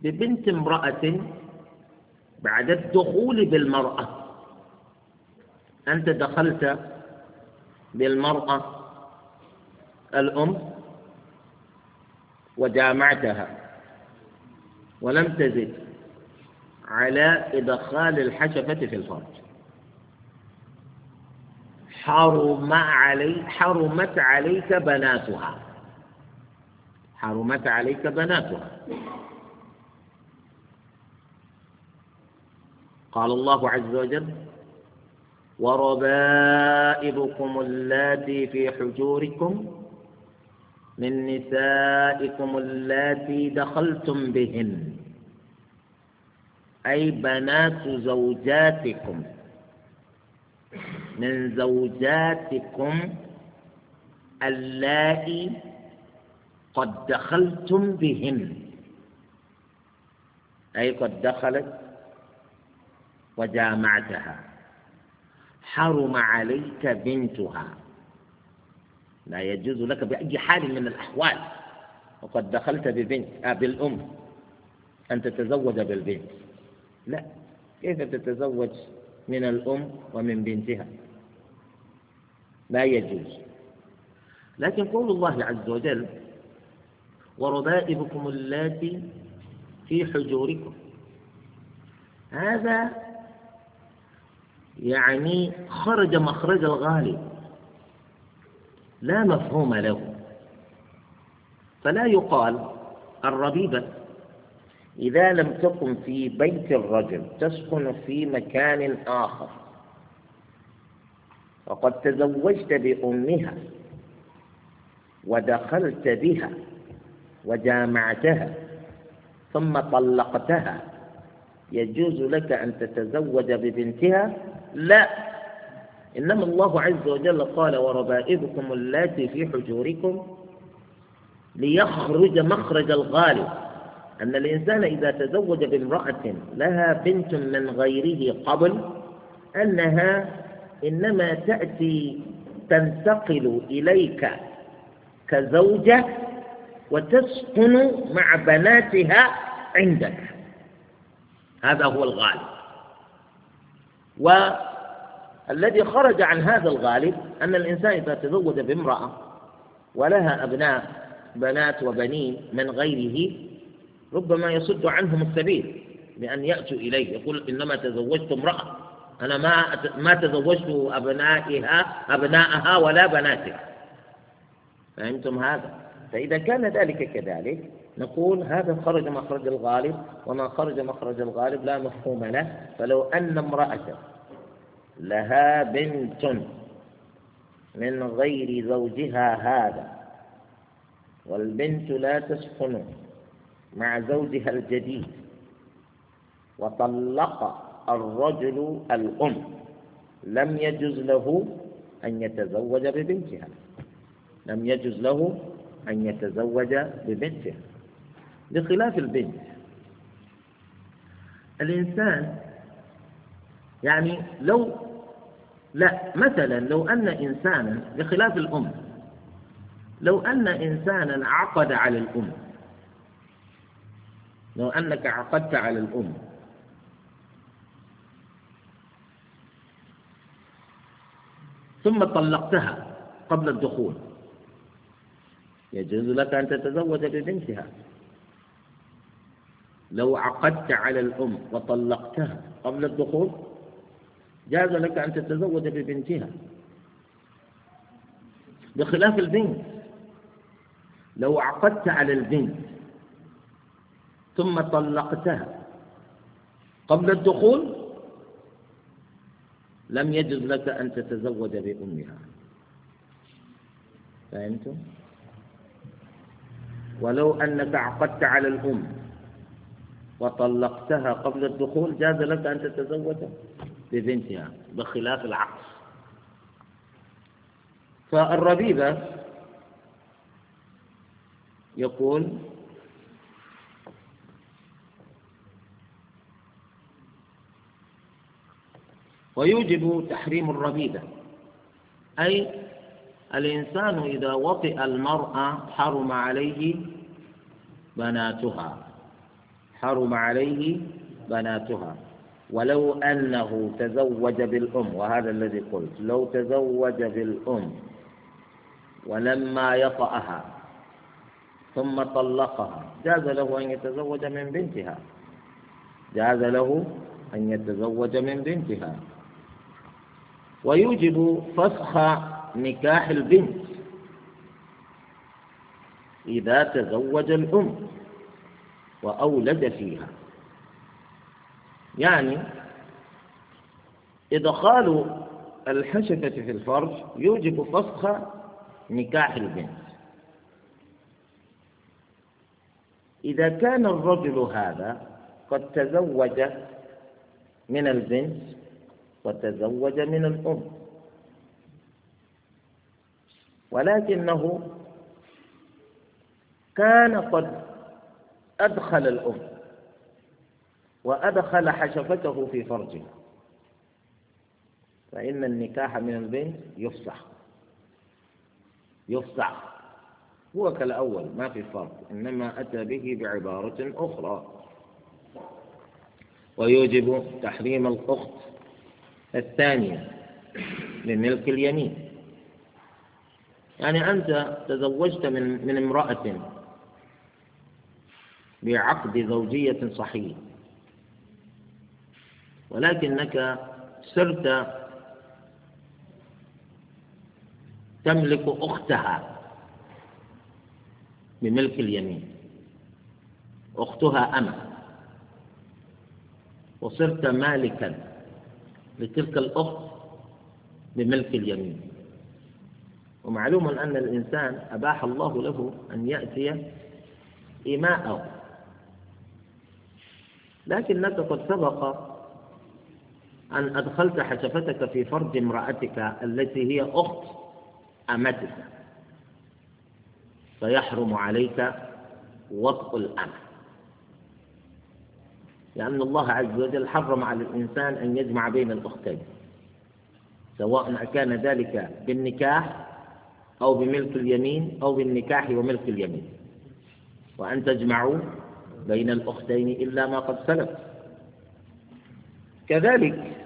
ببنت امرأة بعد الدخول بالمرأة أنت دخلت بالمرأة الأم وجامعتها ولم تزد على إدخال الحشفة في الفرج حرم علي حرمت عليك بناتها حرمت عليك بناتها قال الله عز وجل وربائبكم اللاتي في حجوركم من نسائكم اللاتي دخلتم بهن أي بنات زوجاتكم من زوجاتكم اللائي قد دخلتم بهن أي قد دخلت وجامعتها حرم عليك بنتها لا يجوز لك بأي حال من الأحوال وقد دخلت ببنت آه بالأم أن تتزوج بالبنت لا كيف تتزوج من الأم ومن بنتها لا يجوز لكن قول الله عز وجل وربائبكم اللاتي في حجوركم هذا يعني خرج مخرج الغالب لا مفهوم له فلا يقال الربيبة إذا لم تكن في بيت الرجل تسكن في مكان آخر وقد تزوجت بأمها ودخلت بها وجامعتها ثم طلقتها يجوز لك أن تتزوج ببنتها لا إنما الله عز وجل قال وربائبكم اللاتي في حجوركم ليخرج مخرج الغالب أن الإنسان إذا تزوج بامرأة لها بنت من غيره قبل أنها إنما تأتي تنتقل إليك كزوجة وتسكن مع بناتها عندك هذا هو الغالب و الذي خرج عن هذا الغالب أن الإنسان إذا تزوج بامرأة ولها أبناء بنات وبنين من غيره ربما يصد عنهم السبيل بأن يأتوا إليه يقول إنما تزوجت امرأة أنا ما ما تزوجت أبنائها أبناءها ولا بناتها فهمتم هذا فإذا كان ذلك كذلك نقول هذا خرج مخرج الغالب وما خرج مخرج الغالب لا مفهوم له فلو أن امرأة لها بنت من غير زوجها هذا والبنت لا تسكن مع زوجها الجديد وطلق الرجل الأم لم يجز له أن يتزوج ببنتها لم يجز له أن يتزوج ببنتها بخلاف البنت الإنسان يعني لو لا مثلا لو أن إنسانا بخلاف الأم لو أن إنسانا عقد على الأم لو أنك عقدت على الأم ثم طلقتها قبل الدخول يجوز لك أن تتزوج ببنتها لو عقدت على الأم وطلقتها قبل الدخول جاز لك أن تتزوج ببنتها بخلاف البنت لو عقدت على البنت ثم طلقتها قبل الدخول لم يجز لك أن تتزوج بأمها فهمتم؟ ولو أنك عقدت على الأم وطلقتها قبل الدخول جاز لك أن تتزوجها ببنتها بخلاف العكس فالربيبة يقول ويوجب تحريم الربيبة أي الإنسان إذا وطئ المرأة حرم عليه بناتها حرم عليه بناتها ولو أنه تزوج بالأم وهذا الذي قلت لو تزوج بالأم ولما يطأها ثم طلقها جاز له أن يتزوج من بنتها جاز له أن يتزوج من بنتها ويوجب فسخ نكاح البنت إذا تزوج الأم وأولد فيها يعني إدخال الحشفة في الفرج يوجب فسخ نكاح البنت إذا كان الرجل هذا قد تزوج من البنت وتزوج من الأم ولكنه كان قد أدخل الأم وأدخل حشفته في فرجه فإن النكاح من البنت يفسح يفسح هو كالأول ما في فرق إنما أتى به بعبارة أخرى ويوجب تحريم الأخت الثانية لملك اليمين يعني أنت تزوجت من من امرأة بعقد زوجية صحيح ولكنك صرت تملك أختها بملك اليمين أختها اما وصرت مالكا لتلك الأخت بملك اليمين ومعلوم أن الإنسان أباح الله له أن يأتي إماءه لكنك قد سبق أن أدخلت حشفتك في فرج امرأتك التي هي أخت أمتك فيحرم عليك وطء الأمة لأن الله عز وجل حرم على الإنسان أن يجمع بين الأختين سواء كان ذلك بالنكاح أو بملك اليمين أو بالنكاح وملك اليمين وأن تجمعوا بين الأختين إلا ما قد سلف كذلك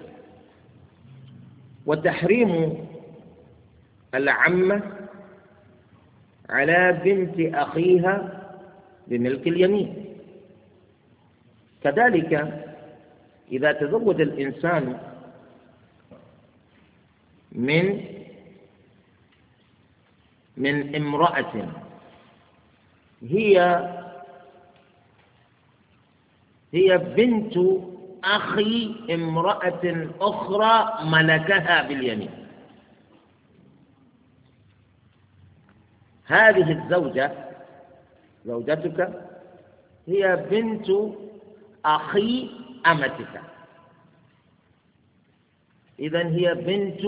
وتحريم العمة على بنت أخيها بملك اليمين كذلك إذا تزوج الإنسان من من امرأة هي هي بنت أخي امرأة أخرى ملكها باليمين هذه الزوجة زوجتك هي بنت أخي أمتك إذا هي بنت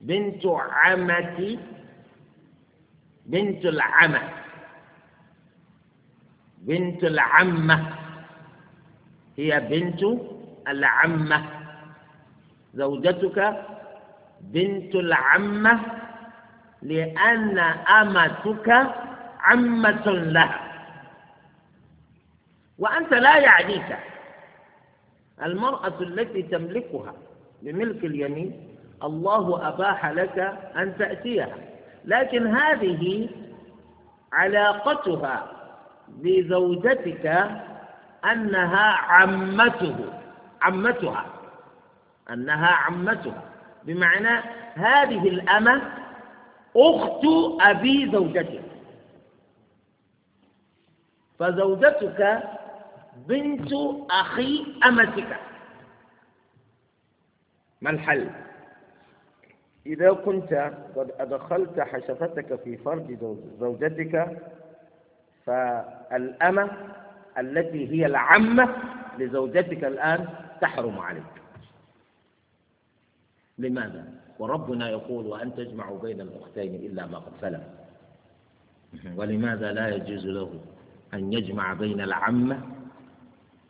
بنت عمتي بنت العمة بنت العمة هي بنت العمة زوجتك بنت العمة لأن أمتك عمة لها وأنت لا يعنيك المرأة التي تملكها بملك اليمين الله أباح لك أن تأتيها لكن هذه علاقتها بزوجتك أنها عمته عمتها أنها عمتها بمعنى هذه الأمة أخت أبي زوجتك فزوجتك بنت أخي أمتك ما الحل إذا كنت قد أدخلت حشفتك في فرج زوجتك فالأمة التي هي العمة لزوجتك الآن تحرم عليك لماذا؟ وربنا يقول وأن تجمعوا بين الأختين إلا ما قد سلم ولماذا لا يجوز له أن يجمع بين العمة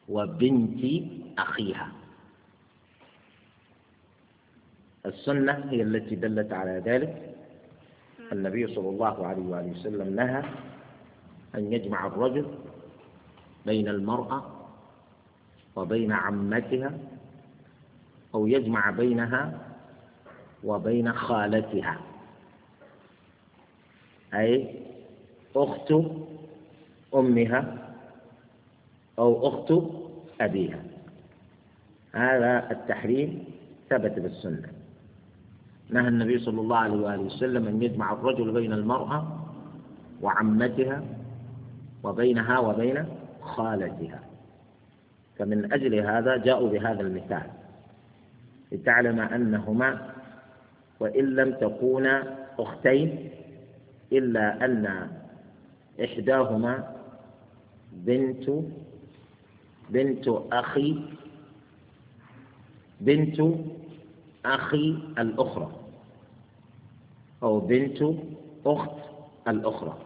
وبنت أخيها السنة هي التي دلت على ذلك النبي صلى الله عليه وآله وسلم نهى أن يجمع الرجل بين المرأة وبين عمتها أو يجمع بينها وبين خالتها أي أخت أمها أو أخت أبيها هذا التحريم ثبت بالسنة نهى النبي صلى الله عليه وآله وسلم أن يجمع الرجل بين المرأة وعمتها وبينها وبين خالتها فمن أجل هذا جاءوا بهذا المثال لتعلم أنهما وإن لم تكونا أختين إلا أن إحداهما بنت بنت أخي بنت أخي الأخرى أو بنت أخت الأخرى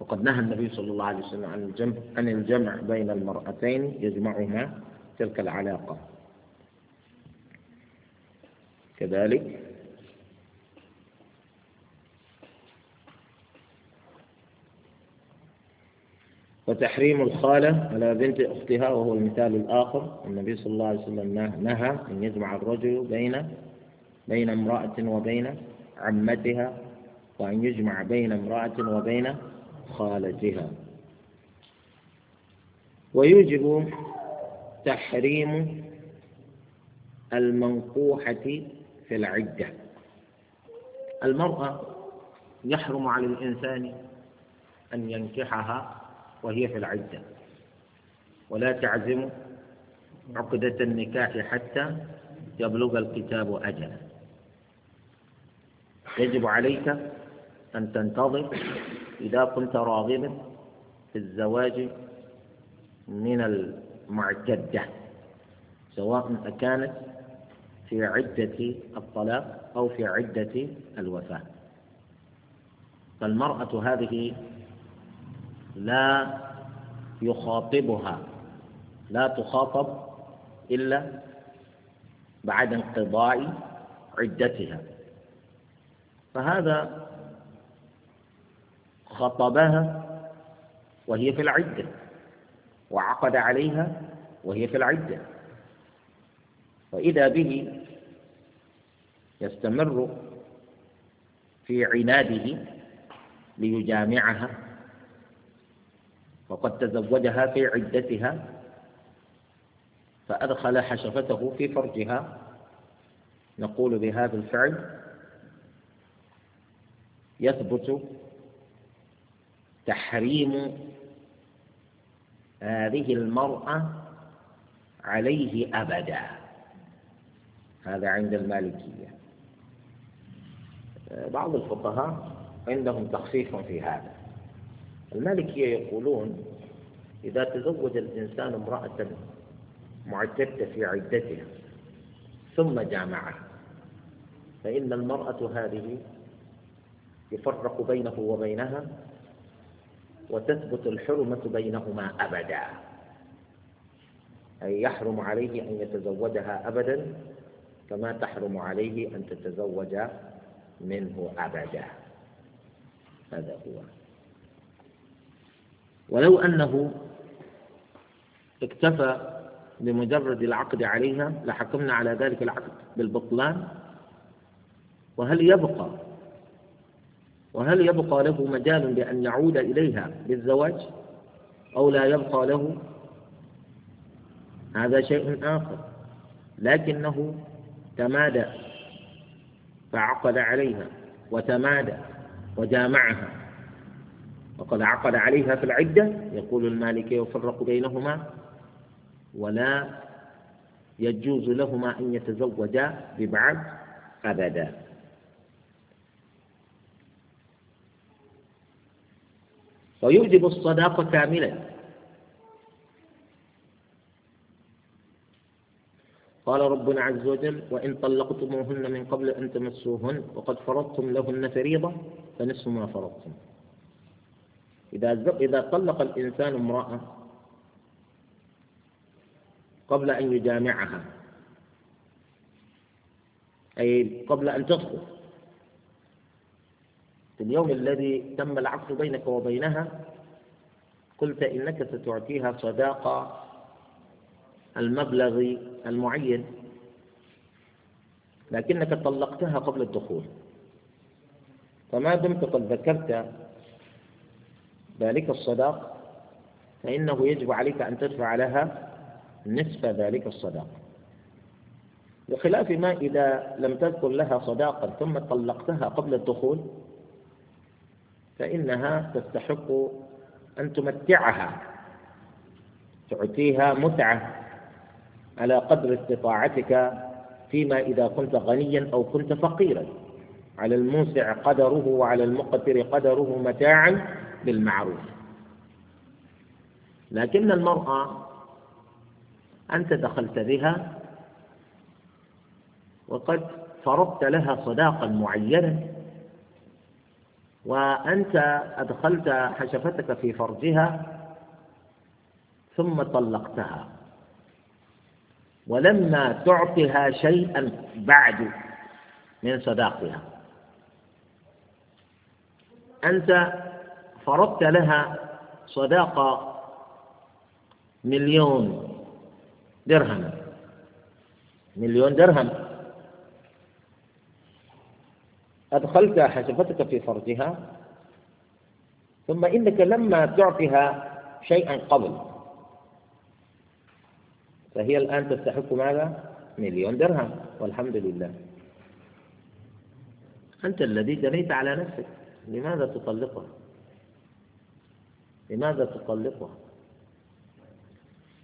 وقد نهى النبي صلى الله عليه وسلم عن الجمع عن الجمع بين المرأتين يجمعها تلك العلاقة كذلك وتحريم الخالة على بنت أختها وهو المثال الآخر النبي صلى الله عليه وسلم نهى أن يجمع الرجل بين بين امرأة وبين عمتها وأن يجمع بين امرأة وبين خالتها ويجب تحريم المنقوحة في العدة المرأة يحرم على الإنسان أن ينكحها وهي في العدة ولا تعزم عقدة النكاح حتى يبلغ الكتاب أجله يجب عليك أن تنتظر إذا كنت راغبا في الزواج من المعتدة سواء أكانت في عدة الطلاق أو في عدة الوفاة فالمرأة هذه لا يخاطبها لا تخاطب إلا بعد انقضاء عدتها فهذا خطبها وهي في العدة وعقد عليها وهي في العدة وإذا به يستمر في عناده ليجامعها وقد تزوجها في عدتها فأدخل حشفته في فرجها نقول بهذا الفعل يثبت تحريم هذه المرأة عليه أبدا هذا عند المالكية بعض الفقهاء عندهم تخفيف في هذا المالكية يقولون إذا تزوج الإنسان امرأة معتدة في عدتها ثم جامعها فإن المرأة هذه يفرق بينه وبينها وتثبت الحرمة بينهما أبدا أي يحرم عليه أن يتزوجها أبدا كما تحرم عليه أن تتزوج منه أبدا هذا هو ولو أنه اكتفى بمجرد العقد عليها لحكمنا على ذلك العقد بالبطلان وهل يبقى وهل يبقى له مجال بأن يعود إليها للزواج أو لا يبقى له هذا شيء آخر لكنه تمادى فعقد عليها وتمادى وجامعها وقد عقد عليها في العدة يقول المالكي يفرق بينهما ولا يجوز لهما أن يتزوجا ببعض أبدا ويوجب الصداقة كاملا قال ربنا عز وجل وإن طلقتموهن من قبل أن تمسوهن وقد فرضتم لهن فريضة فنصف ما فرضتم إذا إذا طلق الإنسان امرأة قبل أن يجامعها أي قبل أن تدخل في اليوم الذي تم العقد بينك وبينها قلت إنك ستعطيها صداقة المبلغ المعين لكنك طلقتها قبل الدخول فما دمت قد ذكرت ذلك الصداق فإنه يجب عليك أن تدفع لها نصف ذلك الصداق بخلاف ما إذا لم تذكر لها صداقا ثم طلقتها قبل الدخول فإنها تستحق أن تمتعها تعطيها متعة على قدر استطاعتك فيما إذا كنت غنيا أو كنت فقيرا على الموسع قدره وعلى المقتر قدره متاعا بالمعروف لكن المرأة أنت دخلت بها وقد فرضت لها صداقا معينا وأنت أدخلت حشفتك في فرجها ثم طلقتها ولما تعطها شيئا بعد من صداقها أنت فرضت لها صداقة مليون درهم مليون درهم أدخلت حشفتك في فرجها ثم إنك لما تعطيها شيئا قبل فهي الآن تستحق ماذا؟ مليون درهم والحمد لله أنت الذي جنيت على نفسك لماذا تطلقها؟ لماذا تطلقها؟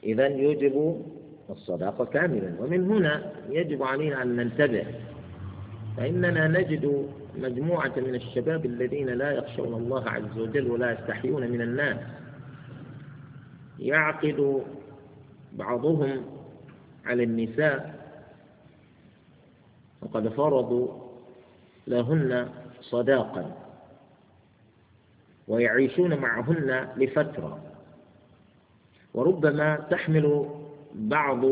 إذا يجب الصداقة كاملا ومن هنا يجب علينا أن ننتبه فإننا نجد مجموعة من الشباب الذين لا يخشون الله عز وجل ولا يستحيون من الناس يعقد بعضهم على النساء وقد فرضوا لهن صداقا ويعيشون معهن لفترة وربما تحمل بعض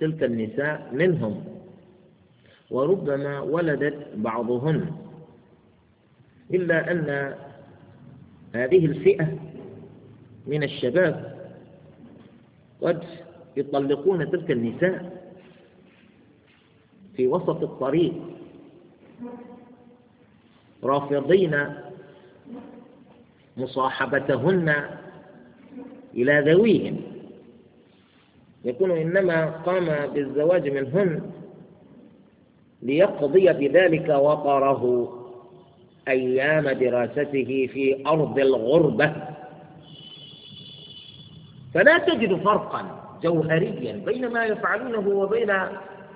تلك النساء منهم وربما ولدت بعضهن إلا أن هذه الفئة من الشباب قد يطلقون تلك النساء في وسط الطريق رافضين مصاحبتهن إلى ذويهم يكون إنما قام بالزواج منهن ليقضي بذلك وطره أيام دراسته في أرض الغربة فلا تجد فرقا جوهريا بين ما يفعلونه وبين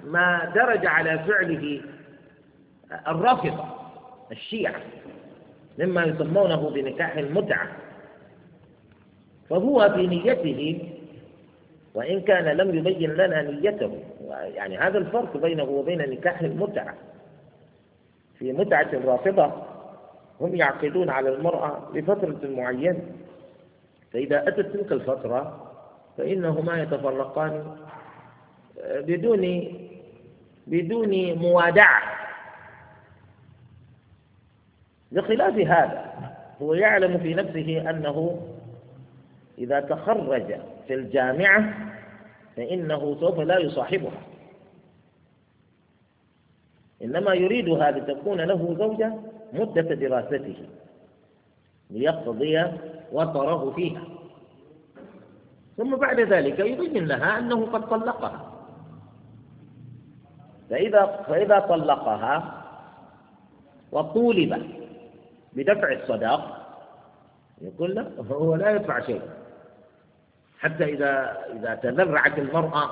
ما درج على فعله الرافضة الشيعة مما يسمونه بنكاح المتعة فهو في نيته وإن كان لم يبين لنا نيته يعني هذا الفرق بينه وبين نكاح المتعة في متعة الرافضة هم يعقدون على المرأة لفترة معينة فإذا أتت تلك الفترة فإنهما يتفرقان آه، بدون بدون موادعة بخلاف هذا هو يعلم في نفسه أنه إذا تخرج في الجامعة فإنه سوف لا يصاحبها إنما يريدها لتكون له زوجة مدة دراسته ليقتضي وطره فيها ثم بعد ذلك يبين لها أنه قد طلقها فإذا فإذا طلقها وطولب بدفع الصداق يقول له هو لا يدفع شيء حتى إذا إذا تذرعت المرأة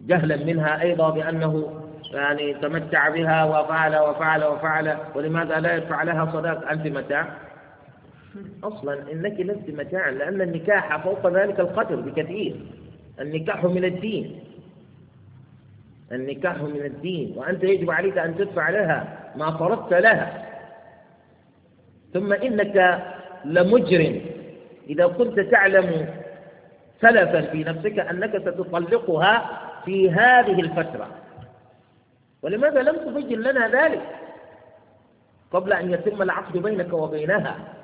جهلا منها أيضا بأنه يعني تمتع بها وفعل وفعل وفعل ولماذا لا يدفع لها صداق أنت متاع أصلا إنك لست متاعا لأن النكاح فوق ذلك القدر بكثير النكاح من الدين النكاح من الدين وأنت يجب عليك أن تدفع لها ما فرضت لها ثم إنك لمجرم إذا كنت تعلم سلفا في نفسك أنك ستطلقها في هذه الفترة ولماذا لم تبين لنا ذلك قبل أن يتم العقد بينك وبينها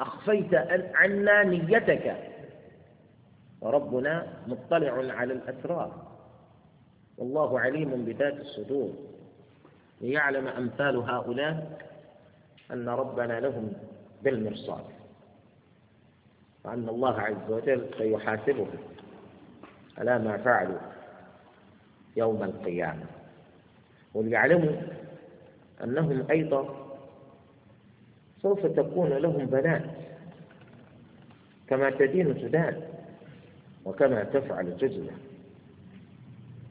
أخفيت عنا نيتك وربنا مطلع على الأسرار والله عليم بذات الصدور ليعلم أمثال هؤلاء أن ربنا لهم بالمرصاد وأن الله عز وجل سيحاسبهم على ما فعلوا يوم القيامة وليعلموا أنهم أيضا سوف تكون لهم بنات كما تدين سودان وكما تفعل جزلة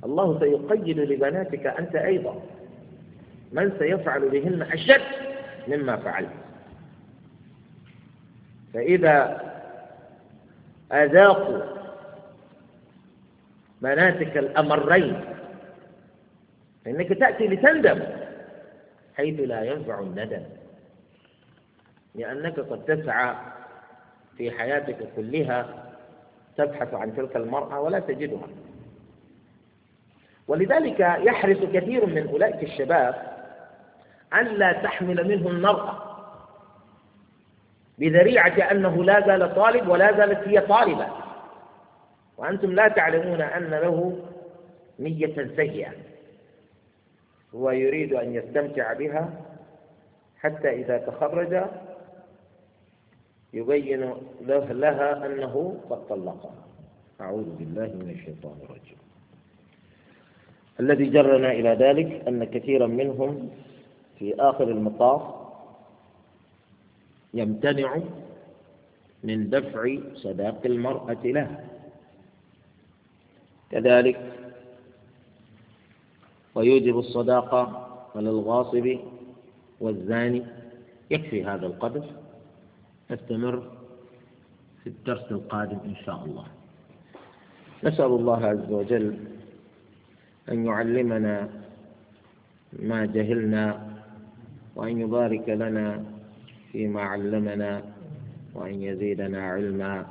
الله سيقيد لبناتك أنت أيضا من سيفعل بهن أشد مما فعلت فإذا أذاقوا مناسك الأمرين فإنك تأتي لتندم حيث لا ينفع الندم لأنك قد تسعى في حياتك كلها تبحث عن تلك المرأة ولا تجدها ولذلك يحرص كثير من أولئك الشباب ألا تحمل منه المرأة بذريعة أنه لا زال طالب ولا زالت هي طالبة وأنتم لا تعلمون أن له نية سيئة هو يريد أن يستمتع بها حتى إذا تخرج يبين له لها أنه قد طلقها أعوذ بالله من الشيطان الرجيم الذي جرنا إلى ذلك أن كثيرا منهم في آخر المطاف يمتنع من دفع صداق المرأة له كذلك ويوجب الصداقة على الغاصب والزاني يكفي هذا القدر نستمر في الدرس القادم إن شاء الله نسأل الله عز وجل أن يعلمنا ما جهلنا وأن يبارك لنا فيما علمنا وأن يزيدنا علما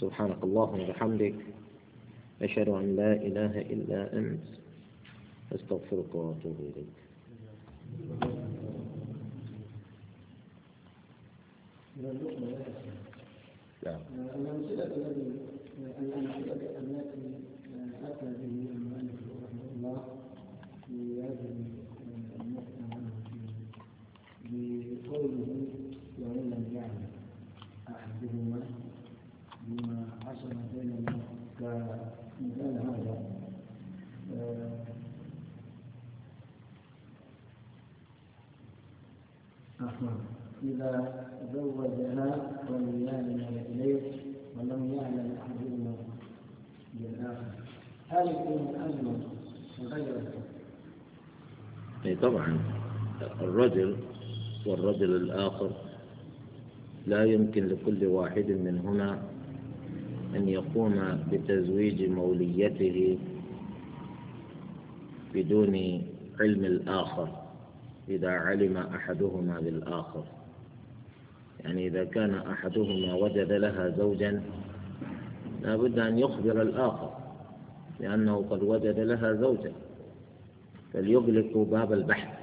سبحانك اللهم وبحمدك أشهد أن لا إله إلا أنت أستغفرك وأتوب إليك من الأمثلة التي أتى به الجمعة بما حصل بيننا كمثال هذا إذا زوجها وليان إليه ولم يعلم أحدهما بالآخر هل يكون أجمل وغيره؟ أي طبعا الرجل والرجل الآخر لا يمكن لكل واحد منهما أن يقوم بتزويج موليته بدون علم الآخر إذا علم أحدهما بالآخر يعني إذا كان أحدهما وجد لها زوجا لا بد أن يخبر الآخر لأنه قد وجد لها زوجا فليغلقوا باب البحث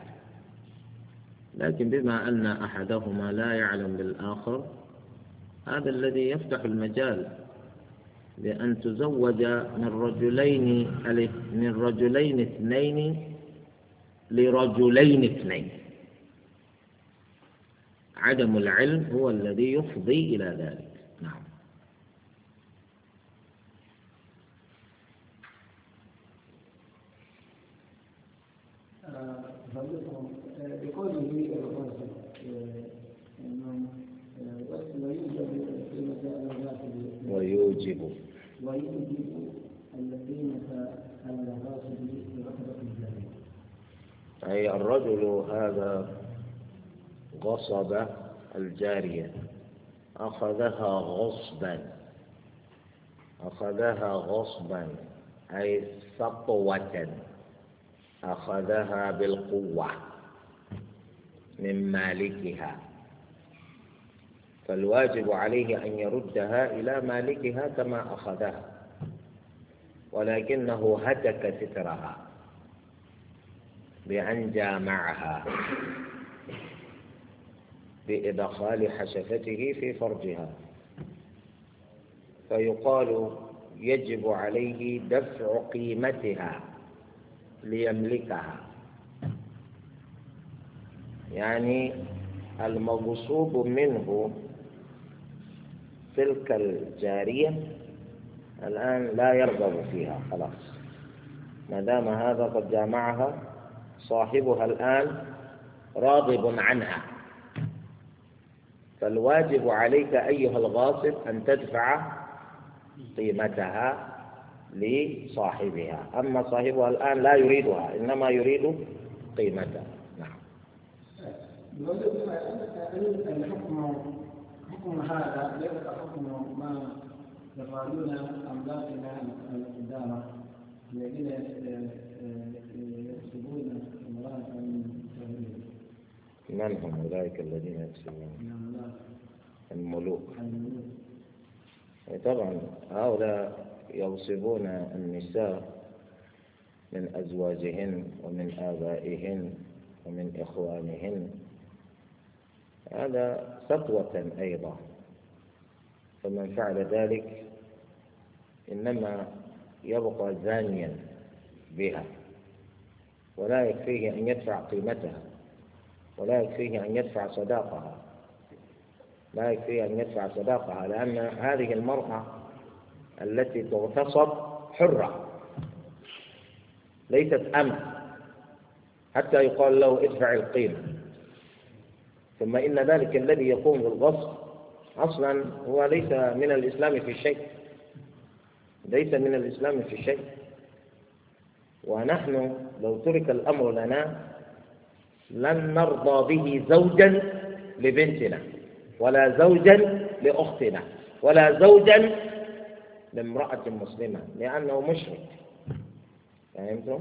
لكن بما أن أحدهما لا يعلم بالآخر هذا الذي يفتح المجال لأن تزوج من رجلين من رجلين اثنين لرجلين اثنين عدم العلم هو الذي يفضي إلى ذلك أي الرجل هذا غصب الجارية أخذها غصبا أخذها غصبا أي سطوة أخذها بالقوة من مالكها فالواجب عليه أن يردها إلى مالكها كما أخذها ولكنه هتك سترها بأن جامعها بإدخال حشفته في فرجها فيقال يجب عليه دفع قيمتها ليملكها يعني المغصوب منه تلك الجارية الآن لا يرغب فيها خلاص ما دام هذا قد جامعها صاحبها الآن راغب عنها فالواجب عليك أيها الغاصب أن تدفع قيمتها لصاحبها أما صاحبها الآن لا يريدها إنما يريد قيمتها نعم حكم هذا ليس حكم ما يفعلون أملاكنا الذين من هم أولئك الذين يكسبون الملوك طبعا هؤلاء يوصفون النساء من أزواجهن ومن آبائهن ومن إخوانهن هذا سطوة أيضا فمن فعل ذلك إنما يبقى زانيا بها ولا يكفيه أن يدفع قيمتها ولا يكفيه أن يدفع صداقها لا يكفيه أن يدفع صداقها لأن هذه المرأة التي تغتصب حرة ليست أمن حتى يقال له ادفع القيمة ثم إن ذلك الذي يقوم بالغصب أصلا هو ليس من الإسلام في شيء ليس من الإسلام في شيء ونحن لو ترك الأمر لنا لن نرضى به زوجا لبنتنا ولا زوجا لأختنا ولا زوجا لامرأة مسلمة لأنه مشرك فهمتم؟